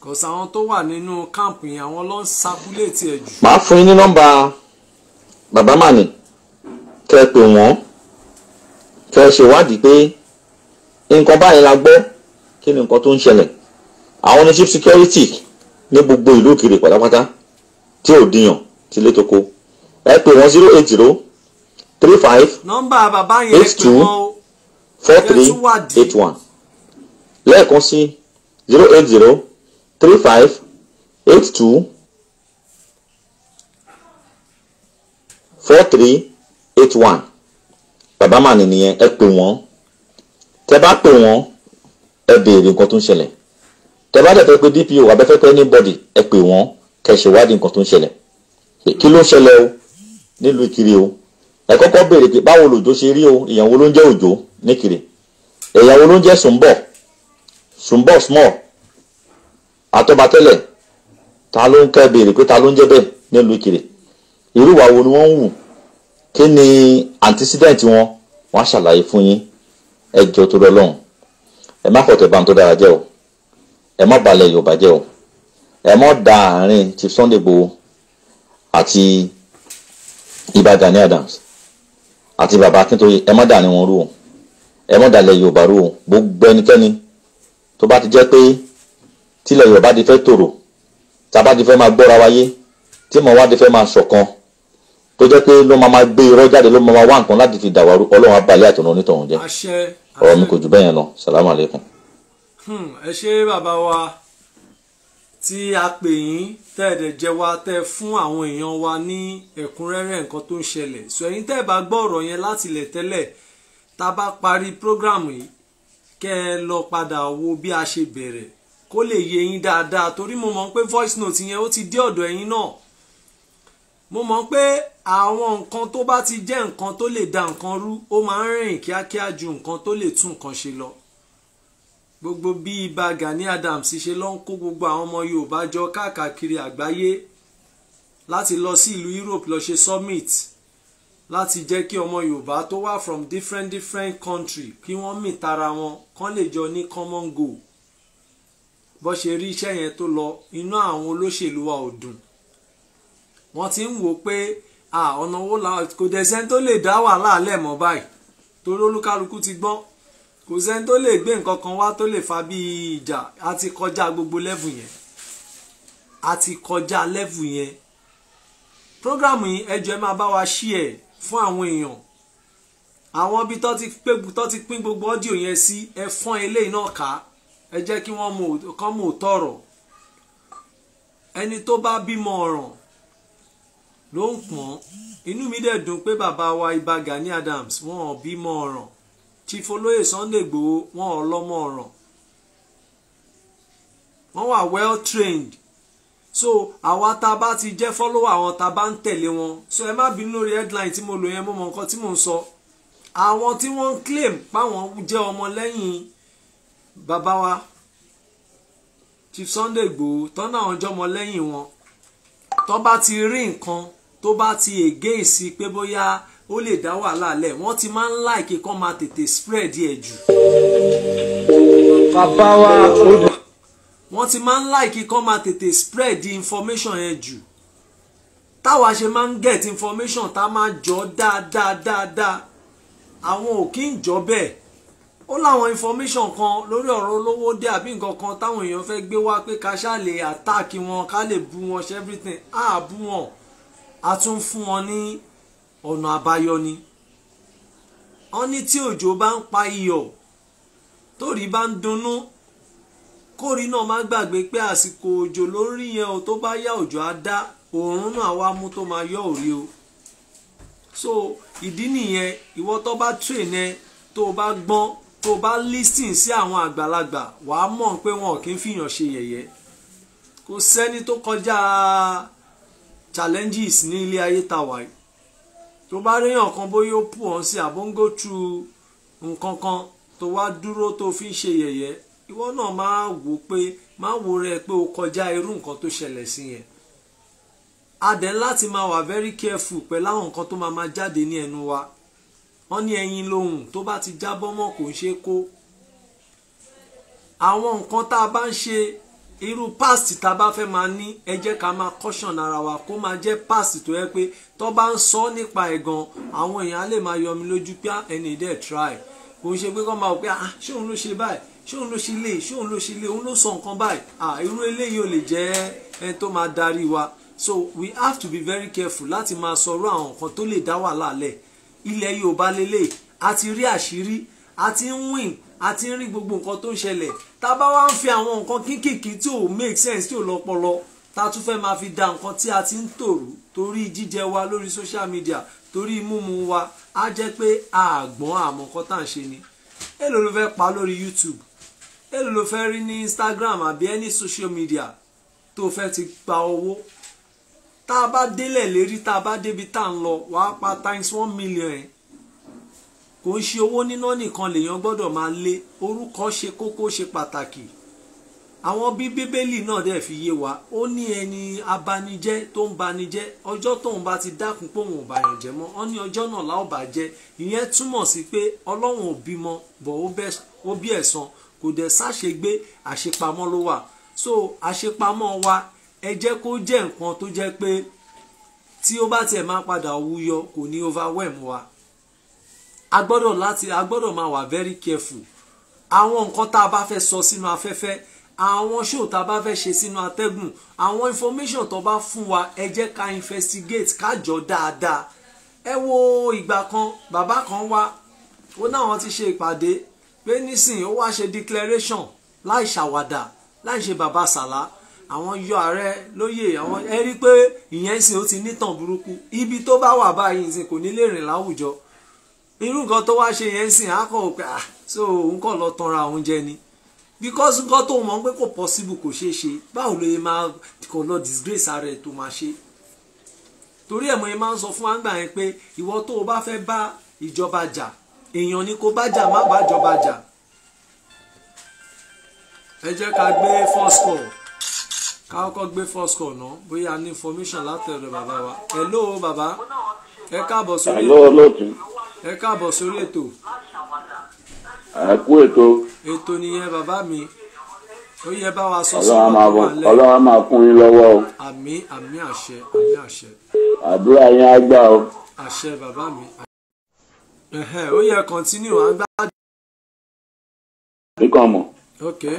kò sáwọn tó wà nínú káàmpù yẹn àwọn ló ń sakuléètì ẹ̀ jù. màá fún yín ní nọ́mbà bàbá màní kẹ́ ẹ pè fẹ́ ṣèwádìí pé nǹkan báyìí la gbọ́ kí ni nǹkan tó ń ṣẹlẹ̀ àwọn ní chief security ní gbogbo ìlú òkèrè pátápátá tí ò dìyàn tí lè tóko ẹ pè wọ́n zero eight zero three five eight two four three eight one lẹ́ẹ̀kan sí zero eight zero three five eight two four three eight one bàbá màní nìyẹn ẹ pè wọ́n tẹ́ bá pè wọ́n ẹ béèrè nǹkan tó ń ṣẹlẹ̀ tẹ́ bá dẹ̀ fẹ́ pé DPO abẹ́fẹ́ pé anybody ẹ pè wọ́n kẹ́ ṣèwádìí nǹkan tó ń ṣẹlẹ̀ kí ló ń ṣẹlẹ̀ o nílùú Ìkirè o ẹ kọ́kọ́ béèrè pé báwo lòjò ṣe rí o èèyàn wo ló ń jẹ́ Òjó níkiri èèyàn wo ló ń jẹ́ Sùnbọ̀ Sùnbọ̀ small àtọ́batẹ́lẹ̀ ta ló ń kẹ́ béèrè pé ta ló ń jẹ́ bẹ́ẹ̀ nílùú Ìkirè irú ni wọ́n ń wù kí ni antecedent wọn wọ́n á ṣàlàyé fún yín ẹ jọ tó lọ lọ́hùn ẹ má fọ̀tẹ̀ bá ń tó dára jẹ́ o ẹ má balẹ̀ Yorùbá jẹ́ o ẹ má da àárín Chief Sunday Igboho àti Ìbà Gani Adams àti bàbá Akíntóyè ẹ má da àárín wọn rú o ẹ má dalẹ̀ Yorùbá rú o gbogbo ẹnikẹ́ni tó bá ti jẹ́ pé tílẹ̀ Yorùbá di fẹ́ tòrò tá a bá di fẹ́ máa gbọ́ra wáyé tí mo wá di fẹ́ máa ṣọ̀kan tó jẹ́ pé ló máa máa gbé irọ́ jáde ló máa máa wá nǹkan láti fi dàwárú ọlọ́run abalẹ̀ àtọ̀nà onítọ̀hún jẹ́ ọ̀rọ̀ mi kò jù bẹ́ẹ̀ yẹn lọ salamu aleykum. Hmm, ẹ ṣe bàbá wa tí a pè yín tẹ́ ẹ̀ dẹ̀ jẹ́ wa tẹ́ ẹ fún àwọn èèyàn wa ní ẹ̀kúnrẹ́rẹ́ nǹkan tó ń ṣẹlẹ̀ sọ ẹ̀yin tẹ́ ẹ bá gbọ́ ọ̀rọ̀ yẹn láti ilẹ̀ tẹ́lẹ̀ tá a bá parí prógráàmù yìí kẹ́ ẹ lọ padà wo bí a ṣe bẹ̀rẹ̀ kó lè yé yín dáadáa torí mo mọ̀ pé voice note yẹn ó ti dé ọ̀dọ̀ ẹ̀yin náà mo mọ̀ pé àwọn nǹkan tó bá ti jẹ́ nǹkan tó lè da nǹkan rú ó máa ń rìn kíákíá ju nǹkan tó lè tún nǹkan ṣe lọ gbogbo bí ibà Gani Adams ṣe lọ ń kó gbogbo àwọn ọmọ Yorùbá jọ káàkiri àgbáyé láti lọ sí ìlú Europe lọ ṣe summit láti jẹ́ kí ọmọ Yorùbá tó wá from different different country kí wọ́n mì tara wọn kán lè jọ ní common goal bó ṣe rí iṣẹ́ yẹn tó lọ inú àwọn olóṣèlú wa ò dùn wọ́n ti ń wò pé ọ̀nà owó la kò dẹ̀ sẹ́ni tó lè dá wàhálà lẹ̀ mọ́ báyìí torí olúkálukú ti gbọ́n kò sẹ́ni tó lè gbé nǹkan kan wá tó lè fa bí ìjà a ti kọjá gbogbo lẹ́vù yẹn a ti kọjá lẹ́vù yẹn prógrámù yìí ẹ jọ̀ọ́ ẹ máa bá wa ṣí ẹ̀ fún àwọn èèyàn àwọn ibi tó ti pín gbogbo ọ́díò yẹn sí ẹ fọ́n eléyìí náà ká ẹ jẹ́ kí wọ́n mọ̀ kán tọ̀rọ̀ ẹni tó bá bímọ ọ̀ràn ló ń pọ́n inú mi dẹ̀ dùn pé bàbá wa Ìbà Gani Adams wọn ò bímọ ọ̀ràn Chief Olóyè Sunday Igboho wọn ò lọ́mọ ọ̀ràn wọ́n wà well trained so àwa tá a bá ti jẹ́ fọ́lọ́wọ́ àwọn tá a bá ń tẹ̀lé wọn so ẹ má bínú lórí headline tí mo lò yẹn mo mọ nǹkan tí mò ń sọ àwọn tí wọ́n ń claim páwọn jẹ́ ọmọ lẹ́yìn bàbá wa Chief Sunday Igboho tọ́nà àwọn jọmọ lẹ́yìn wọn tọ́ bá ti rí nǹkan tó bá ti against pé bóyá ó lè dá wàhálà lẹ̀ wọ́n ti máa ń láìkè kán máa tètè spread ẹ̀ jù. bàbá wa odò. wọ́n ti máa ń láìkè kán máa tètè spread information ẹ̀ jù táwa ṣe máa ń get information tá a máa jọ dáadáa dáadáa àwọn ò kí ń jọ bẹ́ẹ̀ ó láwọn information kan lórí ọ̀rọ̀ olówó dé àbí nǹkan kan táwọn èèyàn fẹ́ gbé wá pé ká ṣáà lè attack wọn ká lè bú wọn ṣe everything á bú wọn a tún fún wọn ní ọ̀nà àbáyọ ni wọ́n ní tí òjò bá ń pa iyọ̀ tórí bá ń dunnú kórì náà má gbàgbé pé àsìkò òjò ló ń rí yẹn o tó bá yá òjò á dá òórùn náà wá mú tó máa yọ òrí o so ìdí nìyẹn ìwọ tó bá train ẹ tó o bá gbọ́n tó o bá listen sí àwọn àgbàlagbà wàá mọ̀ pé wọn kì í fìyàn ṣe yẹ̀yẹ́ kò sẹ́ni tó kọjá challenges ní ilé ayé tá wà yìí tó bá ríyàn kan bóyá ó pù ọ́n sí àbóńgó tu nǹkan kan tó wá dúró tó fi ń ṣe yẹ̀yẹ́ ìwọ náà máa wò pé máa wò rẹ pé o kọjá irú nǹkan tó ṣẹlẹ̀ sí yẹn a láti máa wà very careful pẹ̀lú àwọn nǹkan tó máa máa jáde ní ẹnu wa wọ́n ní ẹyin lohùn tó bá ti jábọ́ mọ́ kò ń ṣe kó àwọn nǹkan tá a bá ń ṣe irú past tá a bá fẹ́ máa ní ẹ jẹ́ ká máa caution ara wa kó máa jẹ́ past tó yẹ pé tó bá ń sọ nípa ẹ̀ gan àwọn èèyàn á lè máa yọ mi lójú pé ah, ẹni ìdẹ́ try kò ń ṣe pé kó máa wò pé ah ṣé òun ló ṣe báyìí ṣé òun ló ṣe lè ṣé òun ló ṣe lè òun ló sọ nǹkan báyìí ah irú eléyìí ò lè jẹ́ ẹni tó máa darí wa so we have to be very careful láti máa sọ̀rọ̀ àwọn nǹkan tó lè dá wàhálà lẹ̀ ilẹ̀ Yorùbá lélẹ̀ a ti rí àṣírí a ti ń win a ti ń rí gbogbo nǹkan tó ń ṣẹlẹ̀ tá a bá wá ń fi àwọn nǹkan kínkìnkì tí ò make sense tí ò lọ́pọlọ tá a tún fẹ́ máa fi da nǹkan tí a ti ń tòrú torí jíjẹ wa lórí social media torí mímu wa á jẹ́ pé àgbọ̀n àmọ́ nǹkan tá à ń ṣe ni èló ló fẹ́ pa lórí YouTube èló ló fẹ́ rí ní Instagram àbí any social media tó fẹ́ ti gba owó tá a bá délẹ̀ lérí tá a bá débi tá à ń lọ wàá pa times one million yẹn kò ń ṣe owó níná nìkan lèèyàn gbọ́dọ̀ máa lé orúkọ ṣe kókó ṣe pàtàkì àwọn bí bíbélì náà dẹ̀ fi yé wa ó ní ẹni abanijẹ́ tó ń banijẹ́ ọjọ́ tóun bá ti dákun pé òun ò bàyàn jẹ́ mọ́ ó ní ọjọ́ náà láò bàjẹ́ ìyẹn túmọ̀ sí pé ọlọ́run ò bímọ bọ̀ ó bí ẹ̀san kò dẹ̀ sáṣegbé àṣepamọ́ ló wà so àṣepamọ́ wa ẹ jẹ́ kó jẹ́ nǹkan tó jẹ́ pé tí ó bá tiẹ̀ máa padà wúyọ kò ní overwhelm wa a gbọ́dọ̀ láti a máa wà very careful àwọn nǹkan tá a bá fẹ́ sọ sínú afẹ́fẹ́ àwọn show tá a bá fẹ́ ṣe sínú atẹ́gùn àwọn information tó bá fún wa ẹ jẹ́ ká investigate ká jọ dáadáa ẹ wo ìgbà kan bàbá kan wá ó náwọn ti ṣe ìpàdé pé nísìnyí ó wá ṣe declaration láì ṣàwàdà láì ṣe bàbá sàlá àwọn yọ ààrẹ lóyè àwọn ẹ rí i pé ìyẹn sì ó ti nítàn burúkú ibi tó bá wà báyìí nìsín kò ní lè rìn láwùjọ irú nǹkan tó wá ṣe yẹn sìn á kàn pé ah, so òun kàn lọ tanra òun jẹ ni because nǹkan tó mọ̀ pé kò possible kò ṣeé ṣe báwo ló yẹ máa kàn lọ disgrace ara ẹ̀ tó máa ṣe torí ẹ̀ mo yẹ máa ń sọ fún àgbà yẹn pé ìwọ tó o bá fẹ́ bá ìjọba jà èèyàn ni kó bá jà má bá ìjọba jà ẹ jẹ́ ká gbé first call ká kọ́kọ́ gbé first call náà bóyá ní information látẹ̀rẹ̀ bàbá wa hello bàbá ẹ káàbọ̀ sórí ètò ẹ káàbọ̀ sórí ètò. ẹ kú ètò. ètò nìyẹn bàbá mi ó yẹ bá wa sọ sọ́wọ́ tó wà lẹ́yìn. ọlọ́run á máa kún yín lọ́wọ́ o. àmín àmín àṣẹ àmín àṣẹ. àdúrà yín á gbà o. àṣẹ bàbá mi. ó yẹ kọ́ntínú à ń gbádùn. kíkọ́ mọ̀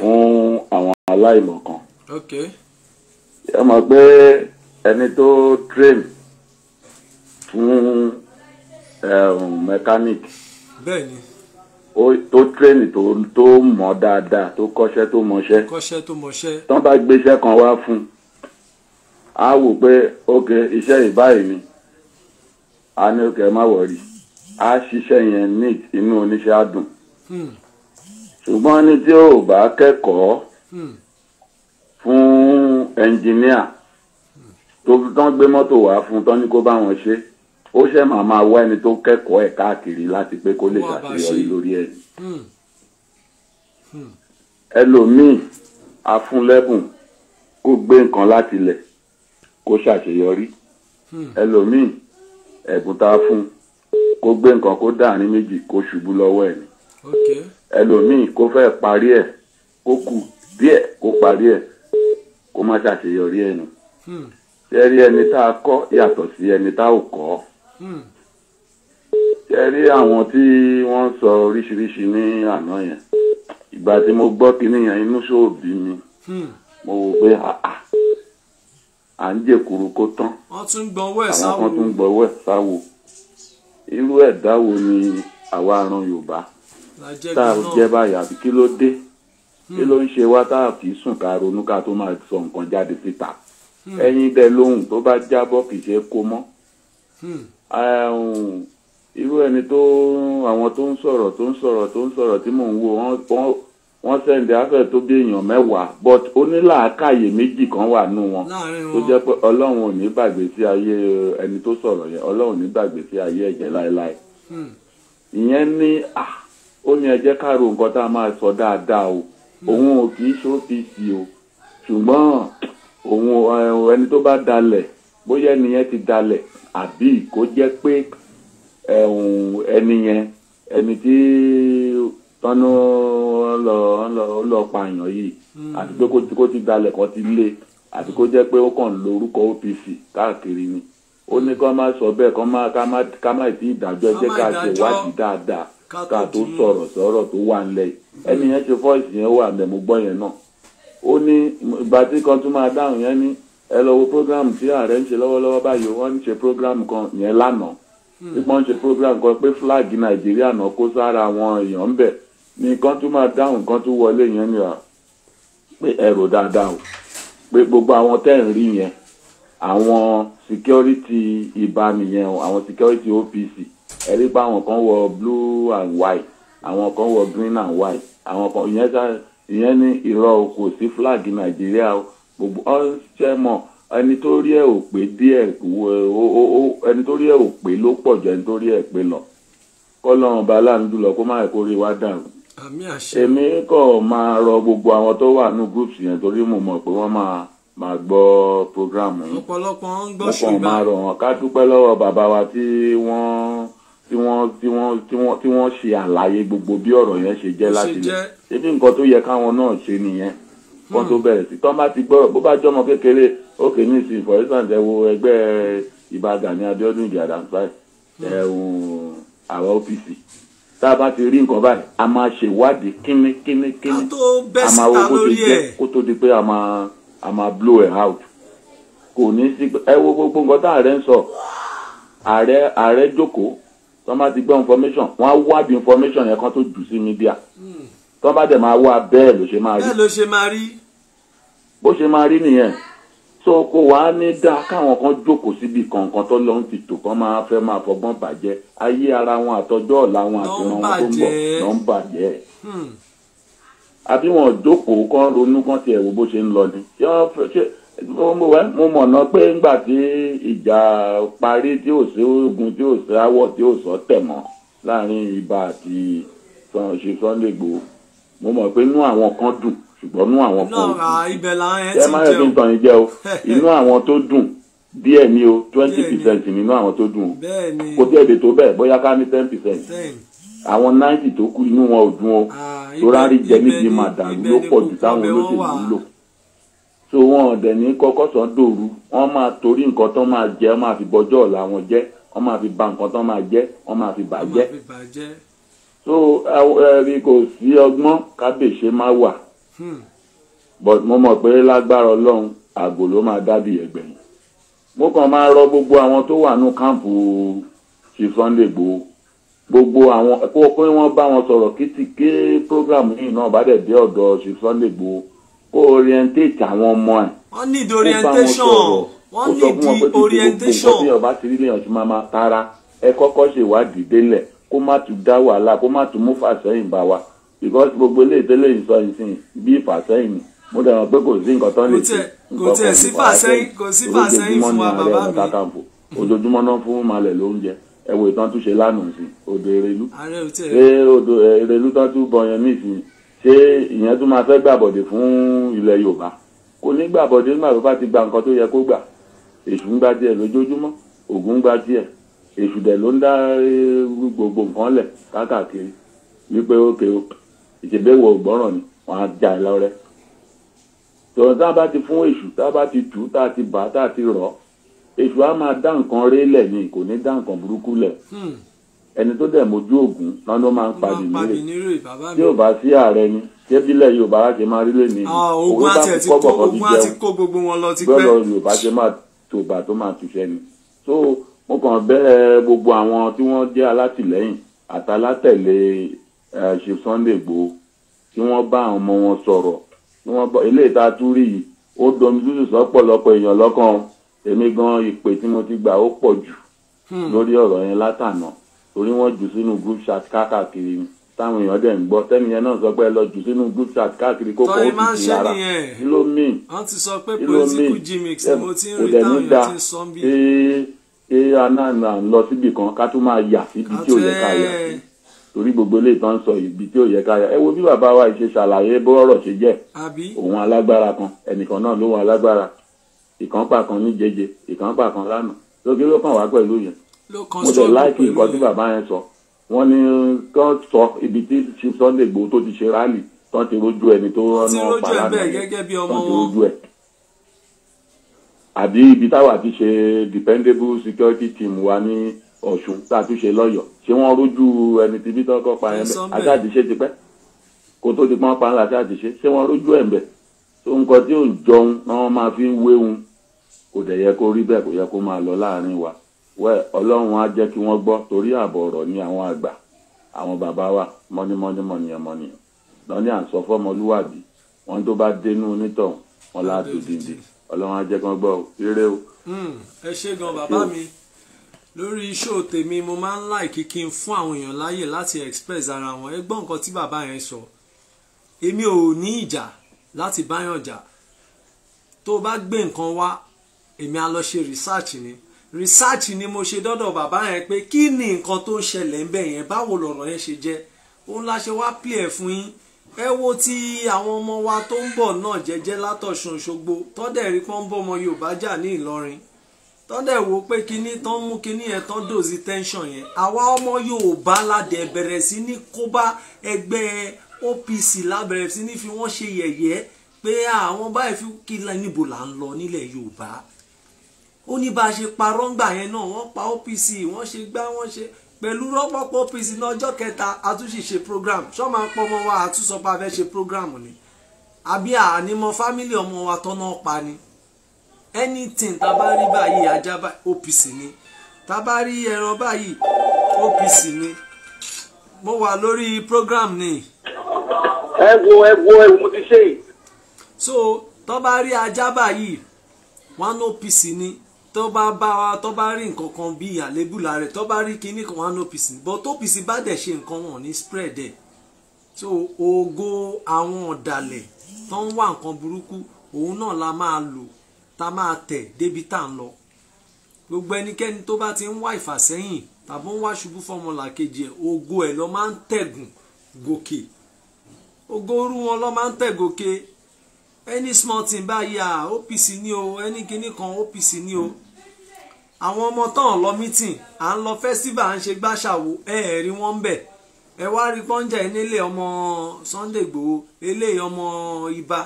fún àwọn aláìmọ̀ kan. ẹ mọ̀ pé ẹni tó train fún mechanic. bẹ́ẹ̀ni. to train to to mọ̀ dáadáa tó kọ́ṣẹ́ tó mọṣẹ́. kọ́ṣẹ́ tó mọṣẹ́. tán bá gbéṣẹ́ kan wá fún un á wò pé ok iṣẹ́ ìbáyìí ni a ní ok ẹ má wọrí á ṣiṣẹ́ yẹn ní inú oníṣẹ́ á dùn. Hmm. ṣùgbọ́n ní tí ò bá kẹ́kọ̀ọ́ hmm. fún ẹnjìníà hmm. tó tán gbé mọ́tò wá fún tán ní kó bá wọn ṣe. Hmm ó ṣe máa máa wá ẹni tó kẹ́kọ̀ọ́ ẹ̀ káàkiri láti pé kó lè ṣàṣeyọrí lórí ẹ̀ hmm. Hmm. ẹlòmíì afúnlẹ́bùn kó gbé nǹkan láti lẹ̀ kó ṣàṣeyọrí hmm. ẹlòmíì ẹ̀bùn tá a fún kó gbé nǹkan kó dàrin méjì kó ṣubú lọ́wọ́ ẹ̀ ni ẹlòmíì kó fẹ́ parí ẹ̀ kó kù díẹ̀ kó parí ẹ̀ kó má ṣàṣeyọrí ẹ̀ ni ṣe rí ẹni tá a kọ́ yàtọ̀ sí ẹni tá ò kọ́ ṣe rí àwọn tí wọ́n ń sọ oríṣiríṣi ní àná yẹn ìgbà tí mo gbọ́ kinní yẹn inú ṣòbí mi hmm. mo wò pé àà à ń jèkúrú kó tán àwọn kan tún gbọ́wọ́ ẹ̀ sáwo irú ẹ̀dá wo ni àwa aran Yorùbá tá a jẹ́ báyìí àbí kí ló dé hmm. kí ló ń ṣe wá tá a fi sùn ká ronú ká tó máa sọ nǹkan jáde síta hmm. ẹ̀yin dẹ lóhùn tó bá jábọ́ kì í ṣe kó mọ́ irú ẹni tó àwọn tó ń sọ̀rọ̀ tó ń sọ̀rọ̀ tó ń sọ̀rọ̀ tí mò ń wo wọ́n wọ́n sẹ́ndẹ̀ afẹ́ tó bí èèyàn mẹ́wàá but onílàákàyè méjì kan wà nù wọn tó jẹ́ pé ọlọ́run ò ní gbàgbé sí ayé ẹni tó sọ̀rọ̀ yẹn ọlọ́run ò ní gbàgbé sí ayé ẹ̀jẹ̀ láéláé hmm. ìyẹn ní ó ní ẹ jẹ́ ká ro nǹkan tá a máa sọ dáadáa o hmm. òun ò kì í ṣó pc o ṣùgbọ́n òun ẹni tó bá dalẹ̀ bóyá ẹni yẹn ti dalẹ̀ àbí kó jẹ́ pé ẹni yẹn ẹni tí tọ́nú lọ lọ lọ pààyàn yìí hmm. àti pé kó ti dalẹ̀ kan ti lé àti kó jẹ́ pé ó kàn lórúkọ OPC káàkiri ni ó ní kó má sọ bẹ́ẹ̀ kó má ká má tí ìdájọ́ jẹ́ ká ṣe wádìí dáadáa ká tó sọ̀rọ̀ sọ̀rọ̀ tó wà ńlẹ̀ ẹni yẹn ṣe fọ́ọ̀sì yẹn wà mẹ́mú gbọ́ yẹn náà ó ní ìgbà tí kan tún máa dáhùn yẹn ní ẹ lọ wo program tí ààrẹ ń ṣe lọ́wọ́lọ́wọ́ báyìí wọ́n ń ṣe program kan yẹn lánàá hmm. nípa ń ṣe program kan pé flag nàìjíríà náà kó sára àwọn èèyàn ń bẹ̀ ni nǹkan tó máa dáhùn nǹkan tó wọlé yẹn ni à pé ẹ̀rọ dáadáa o pé gbogbo àwọn tẹ́ ń rí yẹn àwọn security ìbámi yẹn o àwọn security OPC ẹ rí pé àwọn kan wọ blue and white àwọn kan wọ green and white àwọn kan ìyẹn ní irọ́ o kò sí flag nàìjíríà o gbogbo ọ ṣe mọ ẹni tó rí ẹ ò pé díẹ̀ ẹni tó rí ẹ ò pé ló pọ̀ jù ẹni tó rí ẹ pé lọ kọ́lọ́run ọba aláàánú jùlọ kó má yẹ kó rí wa dàrú. èmi kò máa rọ gbogbo àwọn tó wà ní gúúpù yẹn torí mo mọ̀ pé wọ́n máa máa gbọ́ programu yìí ọ̀pọ̀lọpọ̀ ń gbọ́ ṣùgbọ́n ọ̀pọ̀ máa rọ̀ wọ́n ká dúpẹ́ lọ́wọ́ bàbá wa tí wọ́n tí wọ́n tí wọ́n tí wọ́n tí wọ́n ṣe àlàyé gbogbo bí ọ̀rọ̀ yẹn ṣe jẹ́ láti lè ṣe bí nǹkan tó yẹ káwọn náà ṣe nìyẹn wọ́n tó hmm. bẹ̀rẹ̀ sí tọ́ bá ti gbọ́rọ̀ bó bá jọmọ kékeré ókè ní ìsìn for instance ẹ wo ẹgbẹ́ ìbàdàn ní Abíọ́dún ìjàdà báyìí hmm. ẹ wo àwa OPC tá a bá ti rí nǹkan báyìí a máa ṣèwádìí kíní kíní kíní a máa wo kó tó di pé a máa a máa blow ẹ̀ out kò ní sí ẹ wo gbogbo nǹkan tá ààrẹ ń sọ ààrẹ ààrẹ jókòó tọ́ bá ti gbọ́ information wọ́n á wádìí information yẹn kan tó jù sí mídíà. Mm tó bá dẹ̀ máa wá bẹ́ẹ̀ ló ṣe máa rí. bẹ́ẹ̀ ló ṣe máa rí. bó ṣe máa rí nìyẹn tó kó wàá ní dá káwọn kan jókòó síbi kọ̀ọ̀kan tó lọ́n ti tò kán máa fẹ́ máa fọgbọ́n bàjẹ́ ayé ara wọn àtọjọ́ ọ̀la wọn àti wọn tó ń bọ̀ lọ́n bàjẹ́ hmm. àbí wọn jókòó kán ronú kán tiẹ̀ wo bó ṣe ń lọ ni mo mọ̀nà pé ńgbà tí ìjà parí tí ò sí ogun tí ò sí awọ tí ò sọ tẹ̀ mọ́ láàrin ibà àti ṣe Sunday mo mọ̀ pé inú àwọn kan dùn ṣùgbọ́n inú àwọn kan dùn ẹ má yẹ kí n tàn yín jẹ o inú àwọn tó dùn díẹ̀ ni o twenty percent nínú àwọn tó dùn o kò tí ẹ lè tó bẹ́ẹ̀ bóyá ká ní ten percent àwọn náìtì tó kù inú wọn ò dùn o tó rárí jẹ níbi màdàrú ló pọ̀ jù táwọn olóṣèlú ń lò so wọn ọ̀dẹ̀ ní kọ́kọ́ sọ dòru wọ́n máa torí nǹkan tó máa jẹ wọ́n máa fi bọjọ́ ọ̀la wọn jẹ́ wọ́n máa fi ba nǹkan tó máa jẹ́ wọ́n máa fi bàjẹ́ so ẹ̀rí kò sí ọgbọ́n kábíyèsí máa wà hmm. but mo mọ̀ pé lágbára ọlọ́run àgò ló máa dábì ẹgbẹ̀yìn mo kàn máa rọ gbogbo àwọn tó wà ní káàmpù ti Sunday Igboho gbogbo àwọn kó pé wọ́n bá wọn sọ̀rọ̀ kìtì ké program yìí náà bá dẹ̀ dé ọ̀dọ̀ ti Sunday Igboho kó orientate àwọn ọmọ ẹ̀ wọ́n need orientation wọ́n need orientation ó sọ fún wọn pé tí gbogbo nǹkan bí ọba ti rí lèèyàn ti máa máa tara ẹ kọ́kọ́ ṣèwádìí délẹ̀ kó má tún dá wàhálà kó má tún mú fàsẹ́yìn bá wa because gbogbo ilé ìtẹ́lẹ̀ yìí sọ ìsìn bí fàsẹ́yìn ni mo dẹ̀ mọ̀ pé kò sí nǹkan tán lè ṣe kò tẹ̀ sí fàsẹ́yìn kò sí fàsẹ́yìn fún wa bàbá mi ojoojúmọ́ náà fún malẹ̀ lóúnjẹ ẹ wo ìtàn tún ṣe lánàá sí odò èrèlú ṣé odò èrèlú tán tún bọ yẹn nísìnyí ṣé ìyẹn tún máa fẹ́ gbàbọ̀dè fún ilẹ̀ yorùbá kò ní gbàbọ̀dé nígbà tó bá ti gba nǹkan tó yẹ kó gbà èṣù ń gba díẹ̀ lójoojúmọ́ ògùn ń gba díẹ̀ èṣù dẹ̀ ló ń dá e, gbogbo nǹkan lẹ̀ káàkiri wípé ókè o ìṣèbéwò ògbọ́ràn ni wọ́n á já ẹ lọ́rẹ́ tòun tá a bá ti fún èṣù tá a bá ti tù tá a ti bà tá a ti rọ̀ èṣù á máa dá nǹkan rí lẹ̀ ni kò ní dá nǹkan burúkú lẹ̀ hmm. ẹni tó dẹ̀ mójú ògùn lọ́dún máa ń padì nírè tí ò bá sí ààrẹ ni débílẹ̀ yorùbá ṣe máa rí lónìí ah, owó bá ti kọ́ bọ̀kọ́ ti jẹun gbọ́dọ̀ yorùbá ṣe máa tòbà tó máa tùṣẹ́ ni so mo kàn bẹ̀ gbogbo àwọn tí wọ́n jẹ́ alátìlẹ́yìn àtàlátẹ̀lé ṣe Sunday Igboho tí wọ́n bá àwọn ọmọ wọn sọ̀rọ̀ tí wọ́n bá eléyìí tá a tún rí yìí ó domi tútù sọ́pọ̀lọpọ̀ èèyàn lọ́kàn èmi gan ìpè tí mo ti gbà ó pọ̀ jù hmm. lórí ọ̀rọ̀ yẹn látànà torí wọ́n jù sínú group chat káàkiri táwọn èèyàn dẹ̀ ń gbọ́ tẹ́mi yẹn náà sọ pé ẹ lọ jù sínú group chat káàkiri kó kọ́ ó ti ti ara kí ló mìn kí ló mìn kò dẹ̀ ní da ṣé anáàna ń lọ síbì kan ká tó máa yà síbi tí ò yẹ ká yà sí torí gbogbo ilé ìtàn sọ ibi tí ò yẹ ká yà ẹ wo bí bàbá wa ṣe ṣàlàyé bọ́rọ̀ ṣe jẹ́ òun alágbára kan ẹnìkan náà ló wà alágbára ìkànpà kan ní jẹjẹ ìkànpà kan lánàá lókè ló kàn wá pẹ̀lú yẹn mo dẹ̀ láìpẹ́ nǹkan tí bàbá yẹn sọ wọ́n ní kán sọ ibi tí Sunday Igboho tó ti ṣe rálì tán ti rojú ẹni tó rán pàlánà yẹn tán ti rojú ẹ̀ àbí ibi táwa ti ṣe dependable security team wa ní ọ̀ṣun tá a tún ṣe lọ́yọ̀ọ́ ṣé wọ́n rójú ẹni tí bítọ́ kọ́ pa ẹ̀mẹ́ àtàdé ṣe ti pẹ́ kó tó di pọ́n pa ńlá àtàdé ṣe ṣé wọ́n rójú ẹ̀mẹ́ tó ń kọ tí ò ń jọun náà máa fi ń wéhun kò dẹ̀ yẹ kó rí bẹ́ẹ̀ kò yẹ kó máa lọ láàrin wa wẹ́ ọlọ́run á jẹ́ kí wọ́n gbọ́ torí ààbọ̀ ọ̀rọ̀ ni àwọn àgbà àwọn bàbá wa mọ́nímọ́ní mọ̀nìyàn lọ́ní à ń tó bá dénú onítọ̀hún wọn láti dìndín ọlọ́run ajẹ́ kan gbọ́ rere o. Hmm, ẹ ṣe gan bàbá mi lórí iṣẹ́ tèmi mo máa ń láìkí kí n fún àwọn èèyàn láàyè láti express ara wọn ẹ gbọ́ nǹkan tí bàbá yẹn sọ èmi ò ní ìjà láti báyàn jà tó bá gbé nǹkan wá èmi á lọ ṣe research ni research ni mo ṣe dọ́dọ̀ bàbá yẹn pé kí ni nǹkan tó ń ṣẹlẹ̀ ń bẹ̀ yẹn báwo lọ̀rọ̀ yẹn ṣe jẹ́ òun la ṣe wá play ẹ̀ fún yín ẹ wo ti àwọn ọmọ wa tó ń bọ̀ náà jẹ́jẹ́ látọ̀ṣun ṣogbo tọ́dẹ̀ rí pọ́n bọ́mọ Yorùbá jà ní Ìlọrin tọ́dẹ̀ wo pé kinní tán mú kinní yẹn tán dòzí tẹ́ńsọ̀n yẹn àwa ọmọ Yorùbá ládẹ̀ bẹ̀rẹ̀ sí ní kóbá ẹgbẹ́ OPC lábẹ̀rẹ̀ sí ní fi wọ́n ṣe yẹ̀yẹ́ pé àwọn báyìí fi kí níbo là ń lọ nílẹ̀ Yorùbá ó ní bá a ṣe parọ́ ńgbà yẹn náà wọ́n pa OPC wọ́n ṣe gbá wọ́n ṣe pẹ̀lú rọ́pọ̀pọ̀ pc ní ọjọ́ kẹta a tún sì ṣe program ṣọ́mà ń pọ́ ọmọ wa àtúnṣọ pa fẹ́ ṣe program ni àbí ànímọ́ fámìlì ọmọ wa tọ́nà pa ni anything tá a bá rí báyìí ajá OPC ni tá a bá rí ẹran báyìí OPC ni mo wà lórí program ni. ẹ wo ẹ wo ẹ ti ṣe. so tó bá rí ajá báyìí one OPC ni tó bá bá wa tó bá rí nǹkan kan bí àlébù lára tó bá rí kinní kan wá ní OPC bọ́ tó OPC bá dẹ̀ ṣe nǹkan wọn ní spread ẹ̀ so ògo àwọn ọ̀dàlẹ̀ tó ń wá nǹkan burúkú òun náà la máa lò tá a máa tẹ̀ débi tá à ń lọ gbogbo ẹnikẹ́ni tó bá ti ń wá ìfàsẹ́yìn tàbí ń wá ṣubú fọmọlà kejì ẹ̀ ògo ẹ̀ lọ máa ń tẹ̀gùn gòkè ògo orú wọn lọ máa ń tẹ̀ gòkè any small thing báyìí à OPC ní o any kinní kan OPC ní o àwọn ọmọ tán lọ meeting à ń lọ festival à ń ṣe gbàṣàwò ẹ ẹ rí wọn ń bẹ ẹ wá rí pọ́njà nílé ọmọ Sunday Igboho eléyìí ọmọ ibà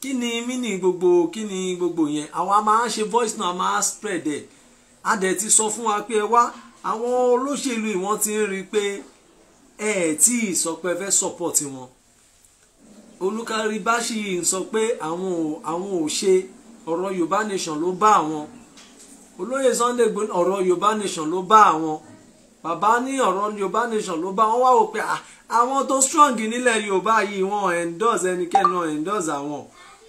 kí ni mini gbogbo kí ni gbogbo yẹn àwa máa ṣe voice náà máa spread ẹ a dẹ̀ ti sọ fún wa pé ẹ wá àwọn olóṣèlú ìwọ́n ti ń rí i pé ẹ ẹ̀ tí ì fẹ́ support wọn olùkárí báṣìyí ń sọ pé àwọn ò àwọn ò ṣe ọ̀rọ̀ yorùbá nation ló bá àwọn olóyè sunday gbóná ọ̀rọ̀ yorùbá nation ló bá àwọn bàbá ní ọ̀rọ̀ yorùbá nation ló bá wọn wá wò pé ah, àwọn tó strong nílẹ̀ yorùbá yìí wọn endorse ẹnikẹ́ni wọn endorse àwọn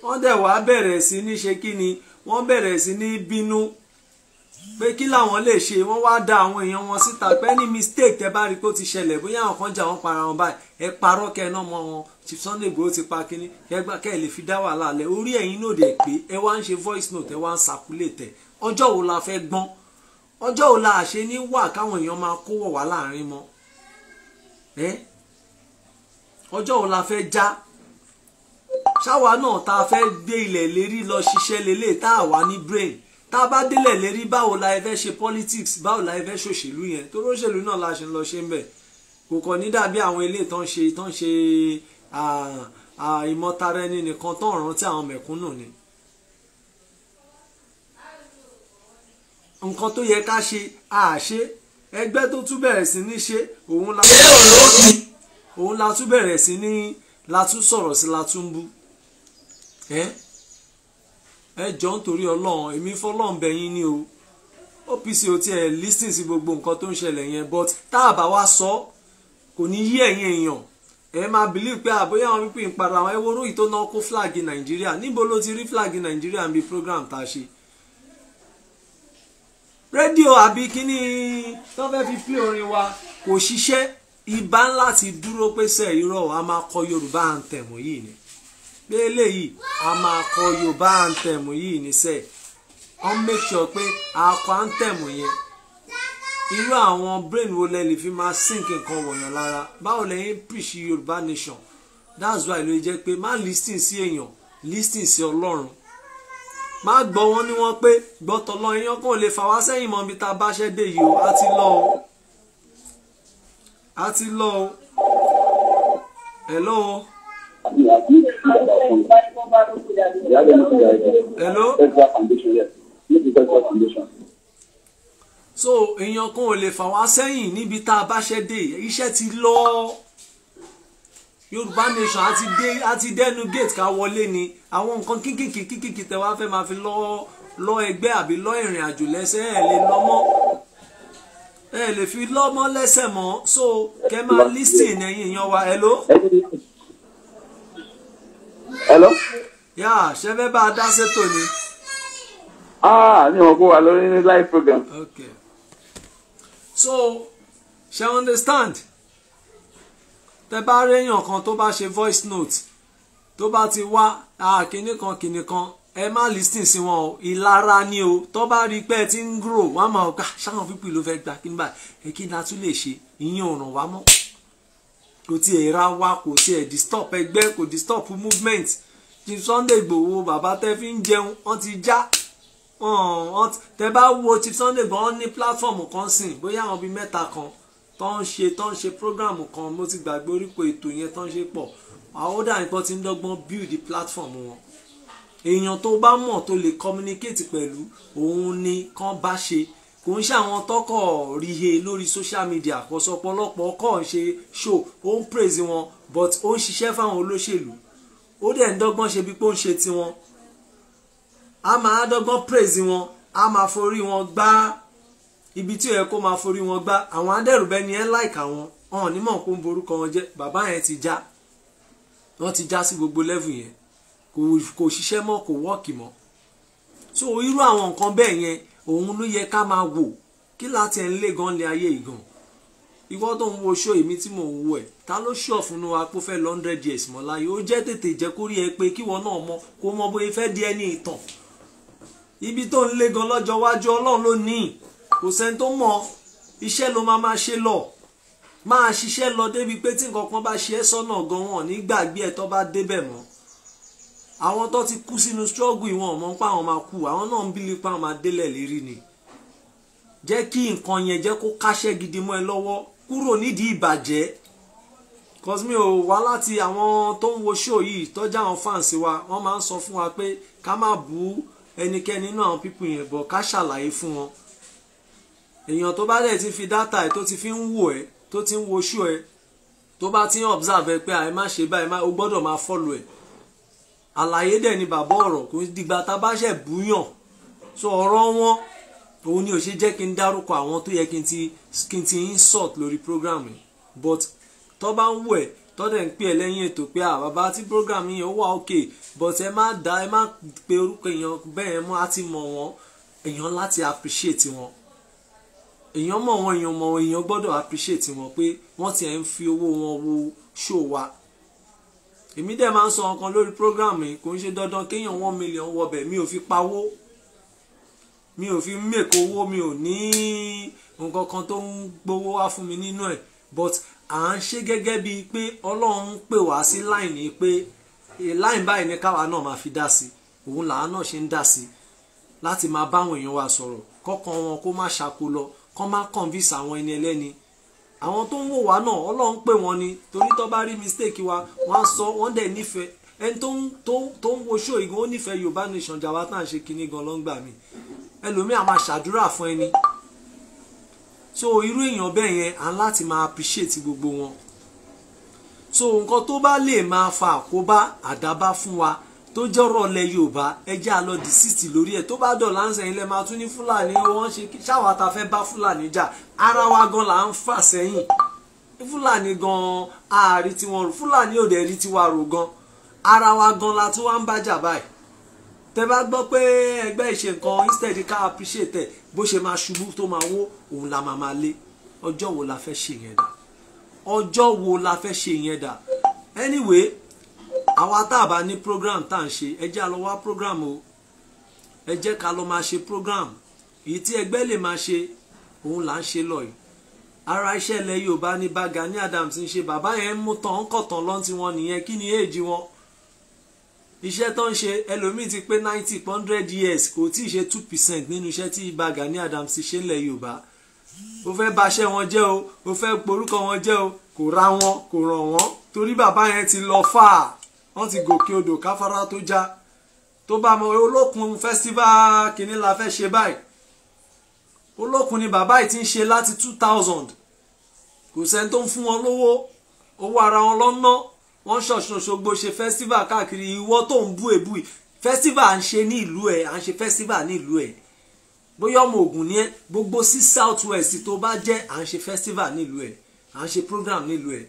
wọ́n dẹ̀ wá bẹ̀rẹ̀ sí ní ṣe kí ni wọ́n bẹ̀rẹ̀ sí ní bínú pé kí làwọn lè ṣe wọ́n wá da àwọn èèyàn wọn síta pé ní mistake tẹ́ bá rí pé ó ti ṣẹlẹ̀ bóyá àwọn kan jà wọ́n para wọn báyìí ẹ parọ́ kẹ́ ẹ náà mọ́ wọn Chief Sunday Igboho ti pa kini kẹgbà kẹ lè fi dá wàhálà lẹ orí ẹ̀yin náà dẹ pé ẹ wá ń ṣe voice note ẹ wá ń circulate ẹ ọjọ́ wo la fẹ́ gbọ́n ọjọ́ wo la ṣe ní wà káwọn èèyàn máa kó wọ̀ wá láàrin mọ́ ẹ ọjọ́ wo la fẹ́ já ṣáwa náà tá a gbé ilẹ̀ lérí lọ ṣiṣẹ́ lélẹ̀ tá a wà ní brain tá a bá délẹ̀ lérí báwo la ẹ fẹ́ ṣe politics báwo la ẹ fẹ́ ṣòṣèlú yẹn tó róṣèlú náà la ṣe ń lọ ṣe ń bẹ̀ kò kàn ní dàbí àwọn ilé tán ṣe tán ṣe ìmọ̀tara ẹni nìkan tó ń rántí àwọn mẹ̀kúnnù ni. nǹkan tó yẹ ká ṣe àṣe ẹgbẹ́ tó tún bẹ̀rẹ̀ sí ní ṣe òun la òun la tún bẹ̀rẹ̀ sí ní la tún sọ̀rọ̀ sí la tún bú ẹ jọ nítorí ọlọ́run èmi fọlọ́run bẹ̀ yín ni o OPC ò tiẹ̀ lísìn sí gbogbo nǹkan tó ń ṣẹlẹ̀ yẹn but tá a bá wá sọ kò ní yí ẹ̀yin èèyàn ẹ máa believe pé àbóyá ah, àwọn pípín ń para àwọn ẹwọ́rú yìí tó náà kó flag nàìjíríà níbo ló ti rí flagi nàìjíríà ń bi program ta redio ṣe rédíò àbí kíní tó fẹ́ fi plé orin wa kò ṣiṣẹ́ ibà ńlá ti dúró pé sẹ́ irọ́ a máa kọ yorùbá àǹtẹ̀mù yìí ni pé eléyìí a máa kọ yorùbá àǹtẹ̀mù yìí ni sẹ́ ọ́n a kọ àǹtẹ̀mù yẹn irú àwọn brain wo lẹ lè fi máa sink nǹkan wọ̀nyàn lára báwo lẹ́yìn preach yorùbá nation that's why ló jẹ́ pé má listing sí èèyàn listen sí ọlọ́run má gbọ́ wọn ní wọ́n pé gbọ́tọ̀ lọ iyán kò lè fà wá sẹ́yìn mọ́ bí ta bá ṣẹ́ dé yìí o a ti lọ o a ti lọ o hello. hello so èèyàn kan ò lè fà wá sẹ́yìn níbi tá a bá ṣe dé iṣẹ́ ti lọ yorùbá nation àti dé àti dẹnu gate ká wọlé ni àwọn nǹkan kíkìkì kíkìkì tẹ wá fẹ́ máa fi lọ lọ ẹgbẹ́ àbí lọ ìrìn àjò lẹ́sẹ̀ ẹ̀ lè lọ́mọ́ ẹ lè fi lọ́mọ́ lẹ́sẹ̀ mọ́ so kẹ́ máa listen ẹ̀yin èèyàn wa hello. hello. yà ṣẹ́fẹ́ bá a dá sétò ni. ah mi ò kó wa lórí ní live program. okay so ṣe understand tẹ bá réyàn kan tó bá ṣe voice note tó bá ti wá kìnnì kan kìnnì kan ẹ má listen sí wọn o ìlara ni o tó bá rí pé ẹ ti ń grow wọn máa gbà ṣáwọn pípì ló fẹ́ gbà kí ni báyìí kí ni a tún lè ṣe ìyẹn ò ràn wá mọ́ kò tí ẹ̀ ra wa kò tí ẹ̀ disturb ẹgbẹ́ kò disturb movement Chief Sunday Igboho bàbá tẹ́ fi ń jẹun wọ́n ti já tẹ bá wo Chief Sunday gan ní platform kan sìn bóyá àwọn bíi mẹ́ta kan tó ń ṣe tó ń ṣe program kan mo ti gbàgbé orípo ètò yẹn tó ń ṣe pọ̀ àwọn dà nǹkan ti ń dọ́gbọ́n build platform wọn èèyàn tó bá mọ̀ tó lè communicate pẹ̀lú òun ni kán bá ṣe kò ń ṣe àwọn tọkọ̀ rihe lórí social media kò sọ pọ̀lọpọ̀ kò ń ṣe show ó ń praise wọn but ó ń ṣiṣẹ́ fáwọn olóṣèlú ó dẹ̀ ń dọ́gbọ́n ṣe bí pé ó ń ṣe tiwọn a máa dọ́gbọ́n praise wọn a máa forí wọn gbá ibi tí ó yẹ kó máa forí wọn gbá àwọn adẹ́rùbẹ́ ni ẹ́ láìka wọn ọ̀n nímọ̀ kó ń borúkọ wọn jẹ́ bàbá yẹn ti já wọ́n ti já sí gbogbo level yẹn kò ṣiṣẹ́ mọ́ kò wọ́ọ̀kì mọ́ so irú àwọn nǹkan bẹ́ẹ̀ yẹn òun ló yẹ ká máa wò kí láti ẹ̀ ń lé gan lé ayé ìgàn ìwọ tó ń wo ṣó èmi tí mò ń wo ẹ̀ ta ló ṣọ̀ fún wa pé ó fẹ́ lọ hundred years ó jẹ́ tètè jẹ́ kórí ẹ pé kíwọ náà mọ kó mọ bóyá fẹ́ di ẹni ìtàn ibi tó ń lé gan lọ́jọ́ iwájú ọlọ́run ló ní kò sẹ́ni tó mọ̀ iṣẹ́ ló máa máa ṣe lọ máa ṣiṣẹ́ lọ débi pé tí nǹkan kan bá ṣe ẹ́ sọ́nà gan wọn nígbàgbé ẹ̀ tó bá débẹ̀ mọ́ àwọn tó ti kú sínú struggle ìwọ̀n mọ́ pa àwọn máa kú àwọn náà ń bílí pa àwọn máa délẹ̀ lérí ni jẹ́ kí nǹkan yẹn jẹ́ kó káṣẹ́ gidi mọ́ ẹ lọ́wọ́ kúrò nídìí ìbàjẹ́ cause mi ò wá láti àwọn tó ń wo show yìí tọ́jà àwọn fans wa wọ́n máa ń sọ fún wa pé ká má bú ẹnikẹ́ni nínú àwọn pípù yẹn bọ̀ ká ṣàlàyé fún wọn èèyàn tó bá dẹ̀ ti fi dátà ẹ̀ tó ti fi ń wò ẹ̀ tó ti ń woṣú ẹ̀ tó bá ti ń observe pé àì má ṣe báyìí o gbọ́dọ̀ máa follow ẹ̀ àlàyé dẹ̀ ni bàbá ọ̀rọ̀ kò dìgbà tá a bá ṣẹ̀ búyàn so ọ̀rọ̀ wọn òun ni ò ṣe jẹ́ kí n dárúkọ àwọn tó yẹ kí n ti insult lórí program yìí but tó bá ń wò ẹ̀ tọ́dẹ̀ ń pè ẹ́ lẹ́yìn ètò pé à bàbá tí program yìí ó wà òkè but ẹ má da ẹ má pe orúkọ èèyàn bẹ́ẹ̀ mọ́ á ti mọ̀ wọ́n èèyàn láti appreciate wọn èèyàn mọ̀ wọn èèyàn mọ̀ wọn èèyàn gbọ́dọ̀ appreciate wọn pé wọ́n ti ẹ̀ ń fi owó wọn wo show wa èmi dẹ̀ máa ń sọ ọ̀kan lórí program yìí kò ń ṣe dandan kéèyàn one million wọbẹ̀ mi ò fi pawó mi ò fi mèkó owó mi ò ní nǹkan kan tó ń gbowó wá fún mi nínú ẹ̀ but à ń ṣe gẹ́gẹ́ bíi pé ọlọ́run ń pè wá sí láì ní pé eh, láì báyìí ni káwa náà máa fi dá sí òun làá náà ṣe ń dá sí láti máa báwọn èèyàn wa sọ̀rọ̀ kọ́kàn wọn kó má ṣàkó lọ kọ́ má convince àwọn ẹni ẹlẹ́ni àwọn tó ń wò wá náà ọlọ́run pè wọ́n ni torí tó bá rí mistake wa wọ́n á sọ wọ́n dẹ̀ nífẹ̀ẹ́ ẹni tó ń wo ṣó ìgbọ́n ó nífẹ̀ẹ́ Yorùbá Nation jàwá tá à ń ṣe kinní gan lọ́ngbà mi ẹlòmíì máa ṣàdúrà fún ẹni so irú èèyàn bẹ́ẹ̀ yẹn à ń láti máa appreciate gbogbo wọn so nǹkan tó bá lè máa fa àkóbá àdábá fún wa tó jọ̀rọ̀ lẹ Yorùbá ẹjẹ́ àlọ́ dì síìtì lórí ẹ̀ tó bá dọ̀ láǹsẹ̀ ilẹ̀ máa tún ní Fúlàní wọ́n ṣe ṣáwa ta fẹ́ bá Fúlàní jà ara wa gan là ń fà sẹ́yìn Fúlàní gan ààrí tiwọn Fúlàní ò dẹ̀ rí tiwa rò gan ara wa gan la tún wá ń bá jà báyìí tẹ bá gbọ́ pé ẹgbẹ́ ìṣe nǹkan instead ká appreciate ẹ̀ bó ṣe máa ṣubú tó máa wó òun la máa máa lé ọjọ́ wo la fẹ́ ṣe yẹn dà ọjọ́ wo la fẹ́ ṣe yẹn dà anyway àwa tá a bá ní program tá à ń ṣe ẹ jẹ́ a wá program o ẹ jẹ́ ká lọ máa ṣe program èyí tí ẹgbẹ́ lè máa ṣe òun là ń ṣe lọ yìí ara iṣẹ́ ilẹ̀ Yorùbá ní bá Gani Adams ń ṣe bàbá yẹn ń mú tán ń kọ̀ tán lọ́n tiwọn nìyẹn kí ni èèjì wọn iṣẹ́ tó ń ṣe ẹlòmíì ti pé ninety hundred years kò tí ì ṣe two percent nínú iṣẹ́ tí Ìbà Gani Adams ṣe ńlẹ̀ Yorùbá ó fẹ́ baṣẹ́ wọn jẹ́ o ó fẹ́ porúkọ wọn jẹ́ o kò ra wọn kò ràn wọ́n torí bàbá yẹn ti lọ fà á wọ́n ti gòkè odò káfárá tó já tó bá mọ olókun festival kìíní la fẹ́ ṣe báyìí olókun ni bàbá yìí ti ń ṣe láti two thousand kò sẹ́ni tó ń fún wọn lówó owó ara wọn lọ́nà wọ́n ṣọ̀ṣun Òṣogbo ṣe festival káàkiri ìwọ tó ń bú èbú yìí festival à ń ṣe ní ìlú ẹ̀ à ń ṣe festival ní ìlú ẹ̀ bóyá ọmọ Ògùn ni ẹ gbogbo sí south west tó bá jẹ́ à ń ṣe festival ní ìlú ẹ̀ à ń ṣe program ní ìlú ẹ̀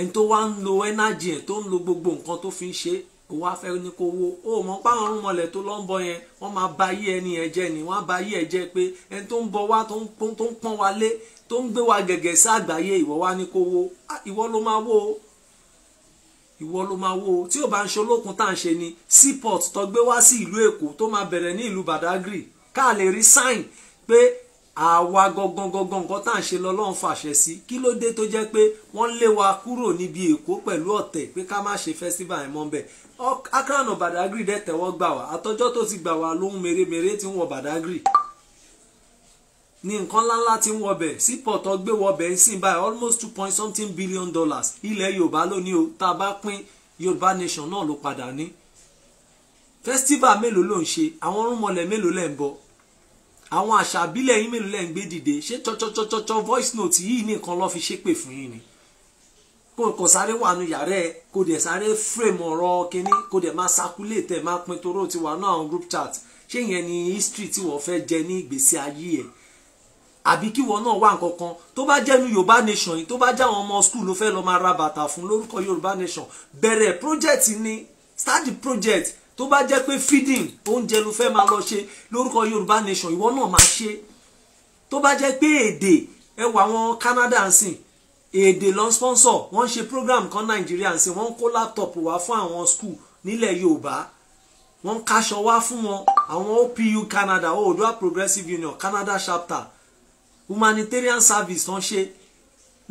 ẹni tó wá ń lo energy ẹ̀ tó ń lo gbogbo nǹkan tó fi ń ṣe kò wá fẹ́ ní kó wo ó mọ̀ páwọn ọrùn mọlẹ̀ tó lọ ń bọ yẹn wọ́n máa ba ayé ẹni yẹn jẹ́ ni wọ́n á ba ayé ẹ̀ jẹ́ pé ẹni tó ń bọ wá tó ń pọ́n wa lé tó ń gbé wa gẹ̀gẹ̀ sí àgbáyé ìwọ wá ní kó wo ìwọ ló máa wó o ìwọ ló máa wó tí ò bá ń ṣe tá à ń ṣe ni seaport tó gbé wá sí ìlú Èkó tó máa bẹ̀rẹ̀ ní ìlú Badagry ká lè rí sign pé àwa gangan gangan nǹkan tá à ń ṣe lọ́lọ́run fàṣẹ sí kí ló dé tó jẹ́ pé wọ́n lé wa kúrò níbi Èkó pẹ̀lú ọ̀tẹ̀ pé ká má ṣe festival ẹ̀ mọ́ bẹ́ẹ̀ akran badagry dẹ̀ tẹ́wọ́ gbà wá àtọjọ́ tó ti gbà wá lóhun mèremère tí ń wọ badagry ní nǹkan ńláńlá tí ń wọbẹ̀ seaport ọgbẹ́ wọbẹ̀ ń sìn báyìí almost two point something billion dollars ilẹ̀ yorùbá lónìí o tá a bá pín yorùbá nation náà ló padà ní festival mélòó ló ń ṣe àwọn orúnmọlẹ̀ mélòó lẹ́ ń bọ àwọn àṣà àbílẹ̀ yín mélòó lẹ́ ń gbé dìde ṣé tọ́tọ́tọ́tọ́ voice note yìí nìkan ló fi ṣépè fún yín ni kó kò sáré wà nù yàrá ẹ kó dẹ̀ sáré frame ọ̀rọ̀ kínní kó dẹ̀ máa circulate ẹ̀ máa pin toró ti wà nù àwọn group chat ṣé ìyẹn ni history tí wọ́n fẹ́ jẹ ní ìgbésí ayé ẹ̀ àbí kí wọn náà wà nǹkan kan tó bá jẹ́nu yorùbá nation yìí tó bá jẹ́ àwọn ọmọ school ló fẹ́ lọ́ọ́ máa ra bàtà fún lórúkọ yorùbá nation bẹ̀rẹ̀ project ni start the project tó bá jẹ́ pé feeding oúnjẹ ló fẹ́ máa lọ ṣe lórúkọ yorùbá nation ìwọ náà máa ṣe tó bá jẹ́ pé èdè ẹ wọn Canada ń èdè lọ sponsor wọ́n ṣe program kan nàìjíríà ṣe wọ́n kó laptop wá fún àwọn school nílẹ̀ yorùbá wọ́n kaṣọ wá fún wọn àwọn opu canada oòduà progressive union canada chapter humanitarian service tán ṣe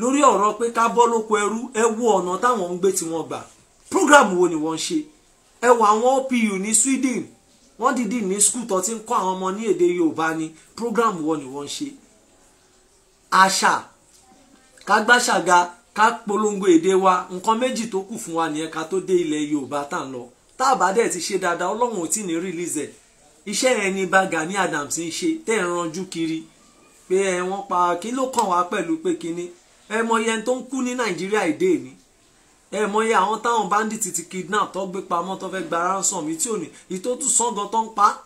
lórí ọ̀rọ̀ pé ká bọ́ lóko ẹrú ẹ wo ọ̀nà táwọn ń gbé tí wọ́n gbà program wo ni wọ́n ṣe ẹ wo àwọn opu ní sweden wọ́n dìdí ní skul tó ti ń kọ́ àwọn ọmọ ní èdè yorùbá ni program wo ni wọ́n ṣe àṣà ká gbàṣàga ká polongo èdè wa nǹkan méjì tó kù fún wa nìyẹn ká tó dé ilẹ̀ yorùbá tá à ń lọ tá a bá dẹ̀ ti ṣe dáadáa ọlọ́run ò tí ní release ẹ̀ iṣẹ́ yẹn ni bá Gani Adams ń ṣe tẹ́ ẹ̀ ranjú kiri pé ẹ wọ́n pa kí ló kàn wá pẹ̀lú pé kinní ẹ mọye tó ń kú ní nàìjíríà èdè ni ẹ mọye àwọn táwọn bandit ti kidnap tó gbé pamọ́ tó fẹ́ gba ransom ìtí òní ìtótù sángan tó ń pa á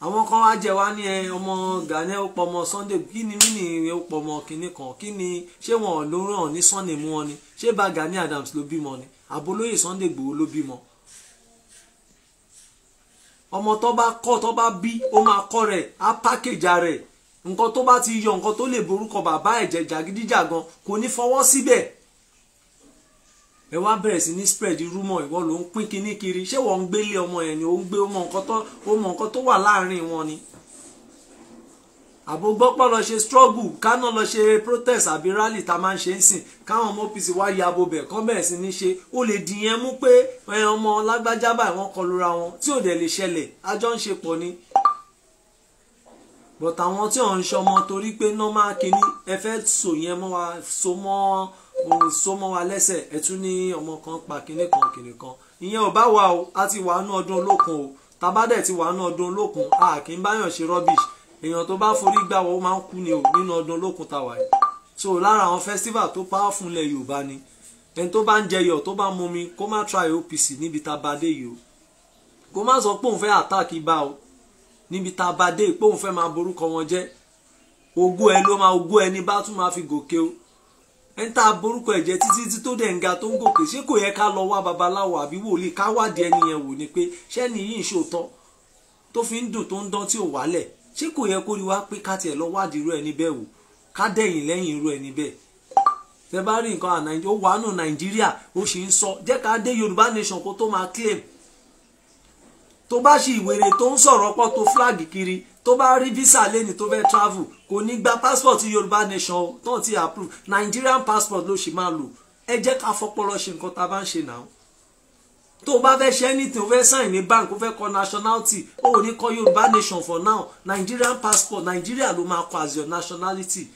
àwọn kan wá jẹ wá ní ẹ ọmọ Gani ó pọmọ Sunday kí ni mí nìyẹn ó pọmọ kinní kan kí ni ṣé wọn ló ràn ní Sunday mú wọn ni ṣé bá Gani Adams ló bímọ ni àbólóyè Sunday Igboho ló bímọ ọmọ tó bá kọ́ tó bá bí ó máa kọ́ rẹ̀ á pákéjà rẹ̀ nǹkan tó bá ti yọ nǹkan tó lè borúkọ bàbá ẹ̀jẹ̀ jàgídíjàgan kò ní fọwọ́ síbẹ̀ ẹ wá bẹ̀rẹ̀ sí ní spread rumor ìwọ ló ń pín kinní kiri ṣé wọ́n ń gbélé ọmọ yẹn ni ó ń gbé ó nǹkan tó wà láàrin wọn ni àbò gbọ́pọ̀ lọ ṣe struggle kánà lọ ṣe protest àbí rally tá a máa ń ṣe ń sìn káwọn ọmọ OPC wá ya abo bẹ̀ kọ́ bẹ̀rẹ̀ sí ní ṣe ó lè dìyẹn mú pé ọmọ lágbájá báyìí wọ́n kọlu ra wọn tí ò dẹ̀ lè ṣẹlẹ̀ àjọ ń ṣe pọ̀ ni. but àwọn tí ò ń ṣọmọ torí pé normal kínní ẹ fẹ́ sò yẹn mọ́ wa so mọ́ òun so mọ́ wa lẹ́sẹ̀ ẹ tún ní ọmọ kan pa kinní kan kinní kan ìyẹn ò bá wa o a ti wà nú ọdún olókun o tabadẹ̀ ti wà nú ọdún olókun a kì í báyàn ṣe rubbish èèyàn tó bá forí gbà wọ́n máa ń kú ni o nínú ọdún olókun tá wà yìí so lára àwọn festival tó powerful lẹ̀ Yorùbá ni ẹni tó bá ń jẹyọ tó bá mumi kó má try OPC níbi tá a bá dé yìí o kó má sọ pé òun fẹ́ attack ibà o níbi tá a bá dé pé òun fẹ́ máa borúkọ wọn jẹ́ ogún ẹ ló máa ogún ẹni bá tún máa fi gòkè o ẹni tá a borúkọ ẹ̀jẹ̀ títí tí tó dẹ̀ ń ga tó ń gòkè ṣé kò yẹ ká lọ wá babaláwo àbí wòlíì ká wádìí ẹni yẹn wò ni pé ṣẹ́ni yìí ń ṣòótọ́ tó fi ń dùn tó ń dán tí ò wálẹ̀ ṣé kò yẹ kó rí wá pé ká tiẹ̀ lọ wádìí irú ẹni bẹ́ẹ̀ wò ká dẹ̀yìn lẹ́yìn irú ẹni bẹ́ẹ̀ tẹ bá rí nǹkan ó wà nù nàìjíríà ó sì ń sọ jẹ́ ká dé yorùbá nation kó tó máa claim tó bá ṣe ìwèrè tó ń sọ̀rọ̀ pọ̀ tó flag kiri tó bá rí visa lẹ́ni tó fẹ́ travel kò ní gba passport yorùbá nation tó ti approve nigerian passport ló ṣì máa lò ẹ jẹ́ ká fọpọlọ ṣe nǹkan tá a bá ń ṣe náà tó o bá fẹ́ ṣe anything o fẹ́ sign ní bank o fẹ́ kọ nationality o ò ní kọ yorùbá nation for now nigerian passport nigeria ló máa kọ as your nationality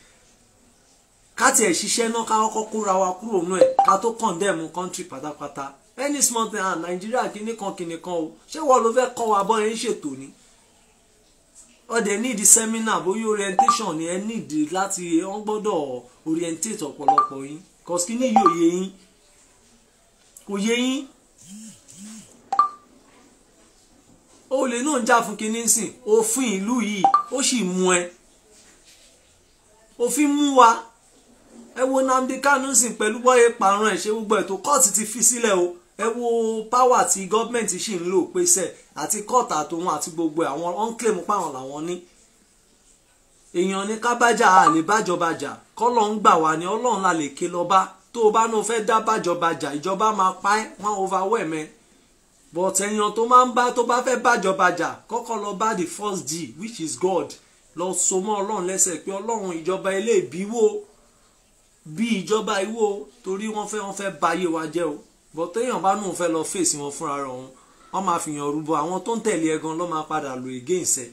káti ẹ̀ ṣiṣẹ́ náà ká kọ́kọ́ kóra wa kúrò nù ẹ̀ ká tó condemn country pátápátá any small thing ah nigeria kìíní kan kìíní kan o ṣé wọ́n ló fẹ́ kọ́ wa bọ́ ẹ̀ ń ṣètò ni ọdẹ need seminar bóyá orientation ni ẹ need láti wọ́n gbọ́dọ̀ orientate ọ̀pọ̀lọpọ̀ yín cause kí ni yóò yé yín kò yé yín olè náà ń jà fún kinní sìn òfin ìlú yìí ó sì mú ẹ òfin mú wa ẹ wo Nnamdi Kanu sìn pẹ̀lú bọ́yé parun ẹ̀ ṣe gbogbo ẹ̀ tó kọ́ọ̀tù ti fi sílẹ̀ o ẹ wo páwà tí gọ́ọ̀mẹ̀ntì sì ń lò pèsè àti kọ́ọ̀tà tòun àti gbogbo àwọn ọ̀nkèmù páwọn làwọn ní èèyàn ní kábájà àlè bájọbajà kọ́lọ̀ ń gbà wá ní ọlọ́run la lè ké lọ́ba tó o bá ní o fẹ́ dá bájọbajà ìjọba máa pa ẹ́ wọ́n overwhelm ẹ but èèyàn tó máa ń bá tó bá fẹ́ bájọbajà kọ́kọ́ lọ bá the first G which is God lọ so mọ́ ọlọ́run lẹ́sẹ̀ pé ọlọ́run ìjọba ilé ìbíwó bí ìjọba ìwó torí wọ́n fẹ́ wọ́n fẹ́ bayé wa jẹ́ o bọ́ téèyàn bá nù fẹ́ lọ fèsì wọn fúnra rẹ̀ òun wọ́n máa fìyàn rúbọ àwọn tó ń tẹ̀lé ẹ gan ló máa padà lò against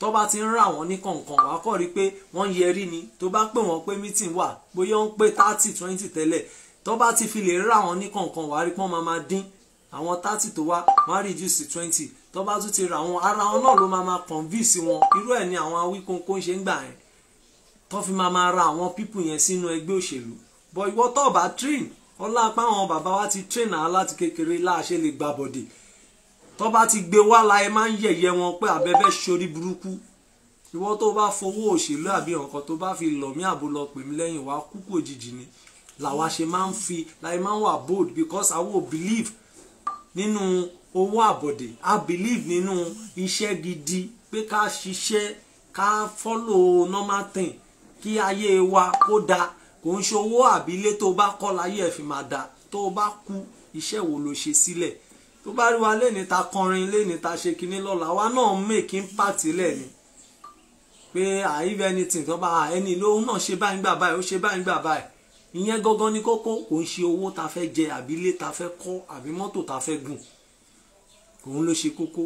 tó bá ti ń rà wọ́n ní kọ̀ọ̀kan wàá kọ́ rí pé wọ́n yẹrí ni tó bá pè wọ́n pé meeting wà bóyá ń pé thirty twenty tẹ́lẹ̀ tó bá ti fi lè rà wọ́n ní kọ̀ọ̀kan wàá rí pọ́n máa máa dín àwọn thirty tó wá wọ́n á reduce twenty tó bá tún ti rà wọ́n ara wọn náà ló máa máa convince wọn irú ẹ̀ ni àwọn awíkóńkó ń ṣe ń gbà yẹn tó fi máa máa ra àwọn people yẹn sínú ẹgbẹ́ òṣèlú but ìwọ tó bá train ọlá apá àwọn bàbá wa ti train àá láti kékeré láàṣẹ lè gba bọ̀dì tó bá ti gbé wá la ẹ máa ń yẹ̀yẹ́ wọn pé àbẹ́bẹ́ sori burúkú ìwọ tó bá fowó òṣèlú àbí nǹkan tó bá fi lọ̀ mí àbò lọ pè mí lẹ́yìn wá kúkú òjijì ni làwa ṣe máa ń fi láì máa ń wà bold because I ò believe nínú owó àbọ̀dè I believe nínú iṣẹ́ gidi pé ká ṣiṣẹ́ ká follow normal thing kí ayé wa kó dáa kò ń ṣowó àbílé tó bá kọ́ láyé ẹ̀ fi máa da tó bá kú iṣẹ́ wo ló ṣe sílẹ̀ tó bá rí wa lẹ́ni ta kọrin lẹ́ni ta ṣe kinní lọ́la wa náà mèkì ń pàtì lẹ́ni pé àìf anything tó bá ẹni lóhun náà ṣe báyìí gbà báyìí ó ṣe báyìí gbà báyìí ìyẹn gangan ní kókó kò ń ṣe owó ta fẹ́ jẹ àbí ilé ta fẹ́ kọ́ àbí mọ́tò ta fẹ́ gùn òun ló ṣe kókó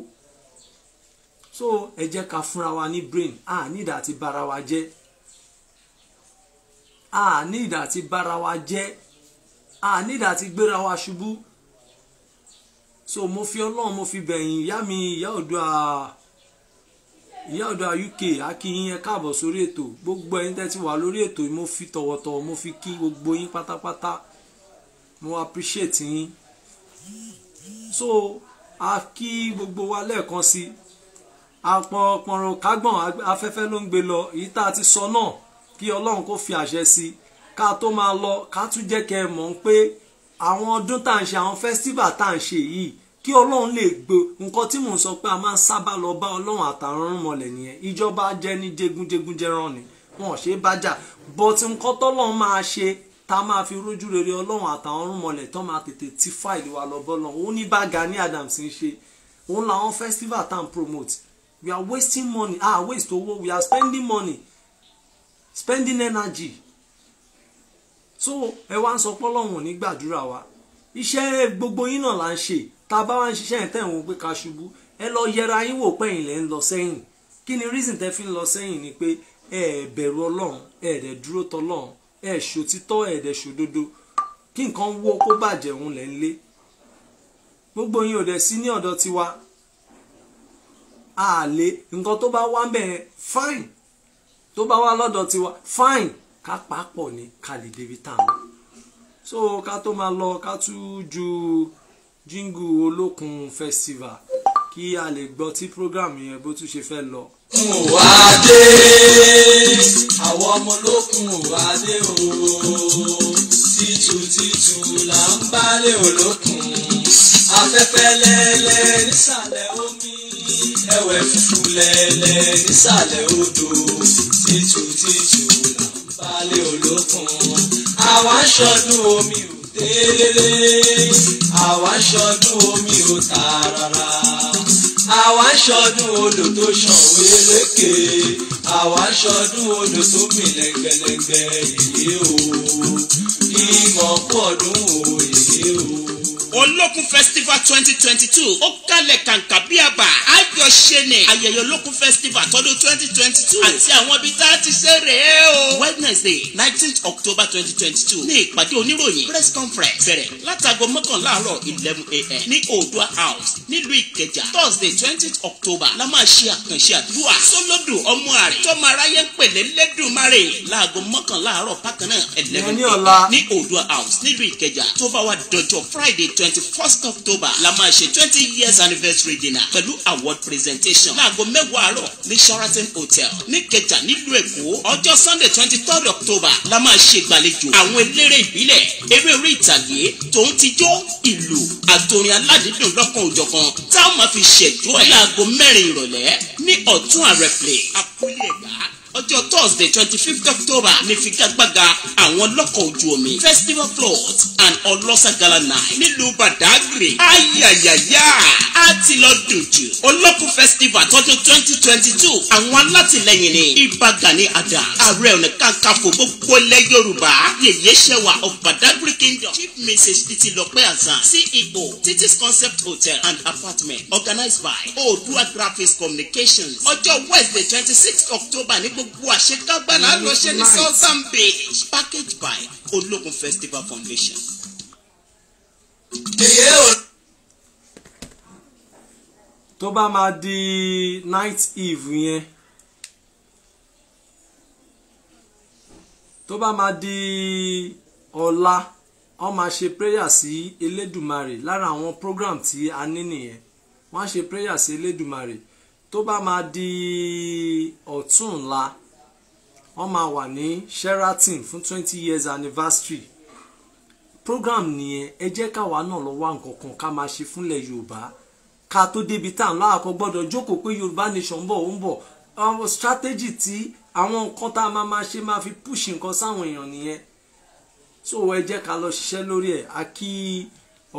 so ẹ jẹ́ ká fúnra wa ní brain a nídàá ti bara wa jẹ́ a ní ìdá àti bára wa jẹ́ a ní ìdá àti gbéra wa ṣubú so mo fi ọlọ́run mo fi bẹ̀yìn ìyá mi ìyá Oòduà ìyá Oòduà UK akínyìn ẹ káàbọ̀ sórí ètò gbogbo ẹ̀yin tẹ́ ti wà lórí ètò mo fi tọ̀wọ̀tọ̀wọ̀ mo fi kí gbogbo yín pátápátá mo appreciate yín so a kí gbogbo wa lẹ́ẹ̀kan sí apọ̀npọ̀nrún kágbọ̀n afẹ́fẹ́ ló ń gbé lọ èyí tá a ti sọ náà kí ọlọ́run kó fi àṣẹ sí ká tó máa lọ ká tún jẹ́ kẹ́ ẹ mọ̀ pé àwọn ọdún tá à ń ṣe àwọn festival tá à ń ṣe yìí kí ọlọ́run lè gbé nǹkan tí mò ń sọ pé a máa ń sábà lọ bá ọlọ́run àtàwọn ọ̀rúnmọlẹ̀ nìyẹn ìjọba jẹ́ ní jégúnjégún jẹ́rán ni wọn ṣe bájà bọ́tí nǹkan tọ́lọ́run máa ṣe tá a máa fi rójú rere ọlọ́run àtàwọn ọ̀rúnmọlẹ̀ tó máa tètè ti fáìlì wa lọ bọ́lọ́run ó ní bá Gani Adams ń ṣe òun làwọn festival tá à ń promote we are wasting money ah waste owó we are spending money spending energy so ẹ wá ń sọ pé Ọlọ́run ní gbàdúrà wa iṣẹ́ gbogbo yín náà là ń ṣe tá a bá wá ń ṣiṣẹ́ yẹn tẹ̀ wọ́n pé ká ṣubú ẹ lọ yẹra yín wò pé ẹ̀yin ń lọ sẹ́yìn kí ni reason tẹ́ fi ń lọ sẹ́yìn ni pé ẹ bẹ̀rù Ọlọ́run ẹ dẹ̀ dúró tọlọ́run ẹ ṣòtítọ́ ẹ dẹ̀ ṣòdodo kí nǹkan wó kó bàjẹ́ òun lẹ́ ń lé gbogbo yín ò dẹ̀ sí ní ọ̀dọ̀ tiwa àlè nǹkan tó bá wá ń fine tó bá wá lọ́dọ̀ tiwa fine ká pàápọ̀ ni ká lè débi tá so ká tó máa lọ ká tún ju jíngù olókun festival kí a lè gbọ́ tí program yẹn bó tún ṣe fẹ́ lọ. mo wá dé àwọn ọmọ olókun ò wá dé o títù títù là ń bálẹ̀ olókun afẹ́fẹ́ lẹ́lẹ́ nísàlẹ̀ omi ẹwẹ́ tútù lẹ́lẹ́ nísàlẹ̀ odò títù títù là ń balẹ̀ olókun àwa ń ṣọdún omi ò tẹ́lẹ̀lẹ́ àwa ń ṣọdún omi ò tààràrà àwa ń ṣọdún odò tó ṣàn wélékè àwa ń ṣọdún odò tó mì o ìmọ̀ pọ̀ o èyí o olókun festival twenty twenty two ó kalẹ̀ kàǹkà bí àbà àjọṣe ni ayẹyẹ olókun festival tọdún twenty twenty two àti àwọn ibi tá a ti ṣe rèé o. wednesday nineteen october twenty twenty two ní ìpàdé oníròyìn press conference bẹ̀rẹ̀ látago mọ́kànlá àárọ̀ eleven a.m. ní Odua house nílùú ìkẹjà thursday twenty october la máa ṣe àkànṣe àdúrà sólódù ọmọ àrè tọ́mọ aráyé ń pèlè lẹ́dùnmáre láago mọ́kànlá àárọ̀ bákan eleven a.m. ní Odua house nílùú ìkẹjà tó bá wà dọjọ́ friday twenty first october la máa ṣe twenty years anniversary dinner pẹ̀lú award presentation láago mẹ́wàá àárọ̀ ní sheraton hotel ní kẹjà nílùú èkó ọjọ́ sunday twenty third october la máa ṣe ìgbàlejò àwọn eléré ìbílẹ̀ eré orí ìtàgé tòun ti jó ìlú àtòrin aládìndùn lọ́kàn òjọ̀kan táwọn máa fi ṣẹ̀dúrọ̀ láago mẹ́rin ìrọ̀lẹ́ ní ọ̀tún àrẹ̀pẹ̀ àpọ́lẹ̀ ẹ̀gbá lọ́jọ́ thursday twenty fifth october ní figagbága àwọn ọlọ́kọ̀ ojú omi festival float and ọlọ́sà gala night nílùú badagry ayayaya á ti lọ dùn jù ọlọ́kùn festival tọdún twenty twenty two àwọn alátìlẹyìn ni ibagani ada ààrẹ ọ̀nà kakanfò gbogbo ilẹ̀ yorùbá yèyé ṣẹwà of badagry kingdom chief mrs titilope azan ceo titis concept hotel and apartment organized by Odua graphics communications ọjọ́ wednesday twenty six october ní gbogbo wàṣekágbá là ń lọ ṣe ní southern beach package by ológun festival foundation. tó bá máa di night eve yẹn tó bá máa di ọ̀la wọ́n máa ṣe prayer sí Elédùmarè lára àwọn program tí a ní nìyẹn wọ́n á ṣe prayer sí Elédùmarè tó bá máa di ọ̀túnla wọ́n máa wà ní Sheraton fún twenty years anniversary program nìyẹn ẹ jẹ́ káwa náà lọ wá nǹkan kan ká máa ṣe fúnlẹ̀ Yorùbá ká tó débi tá à ń láàkọ́ gbọ́dọ̀ jókòó pé Yorùbá nation bọ̀ ó ń bọ̀ àwọn strategy tí àwọn nǹkan tá a máa máa ṣe máa fi push nǹkan sáwọn èèyàn nìyẹn so ẹ jẹ́ ká lọ ṣiṣẹ́ lórí ẹ̀ a kí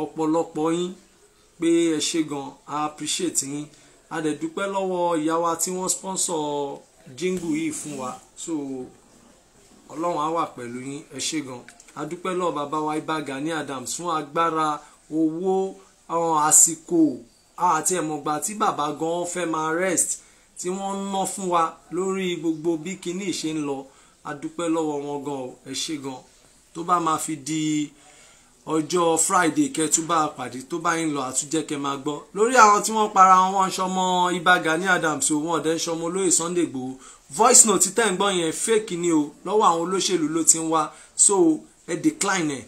ọ̀pọ̀lọpọ̀ yín pé ẹ ṣe gan a appreciate yín a dẹ̀ dúpẹ́ lọ́wọ́ ìyá wa tí sponsor jíngù yìí fún wa so ọlọ́run á wà pẹ̀lú yín ẹ ṣé gan adúpẹ́ lọ́wọ́ bàbá wa Ìbà Gani Adams fún agbára owó àsìkò àti ẹ̀mọ̀gbà tí bàbá gan fẹ́ máa rest tí wọ́n ń ná fún wa lórí gbogbo bí kinní ṣe ń lọ adúpẹ́ lọ́wọ́ wọn gan ẹ ṣé gan tó bá máa fi di ọjọ́ friday kẹtùbà pàdé tó bá ń lọ àtúnjẹ́ máa gbọ́ lórí àwọn tí wọ́n para wọn ṣọmọ ibà Gani Adams o wọn ọ̀dẹ́ ṣọmọ olóyè Sunday Igboho voice note tẹ́ ń gbọ́ yẹn fake ni o lọ́wọ́ àwọn olóṣèlú ló ti ń wá so ẹ decline ẹ̀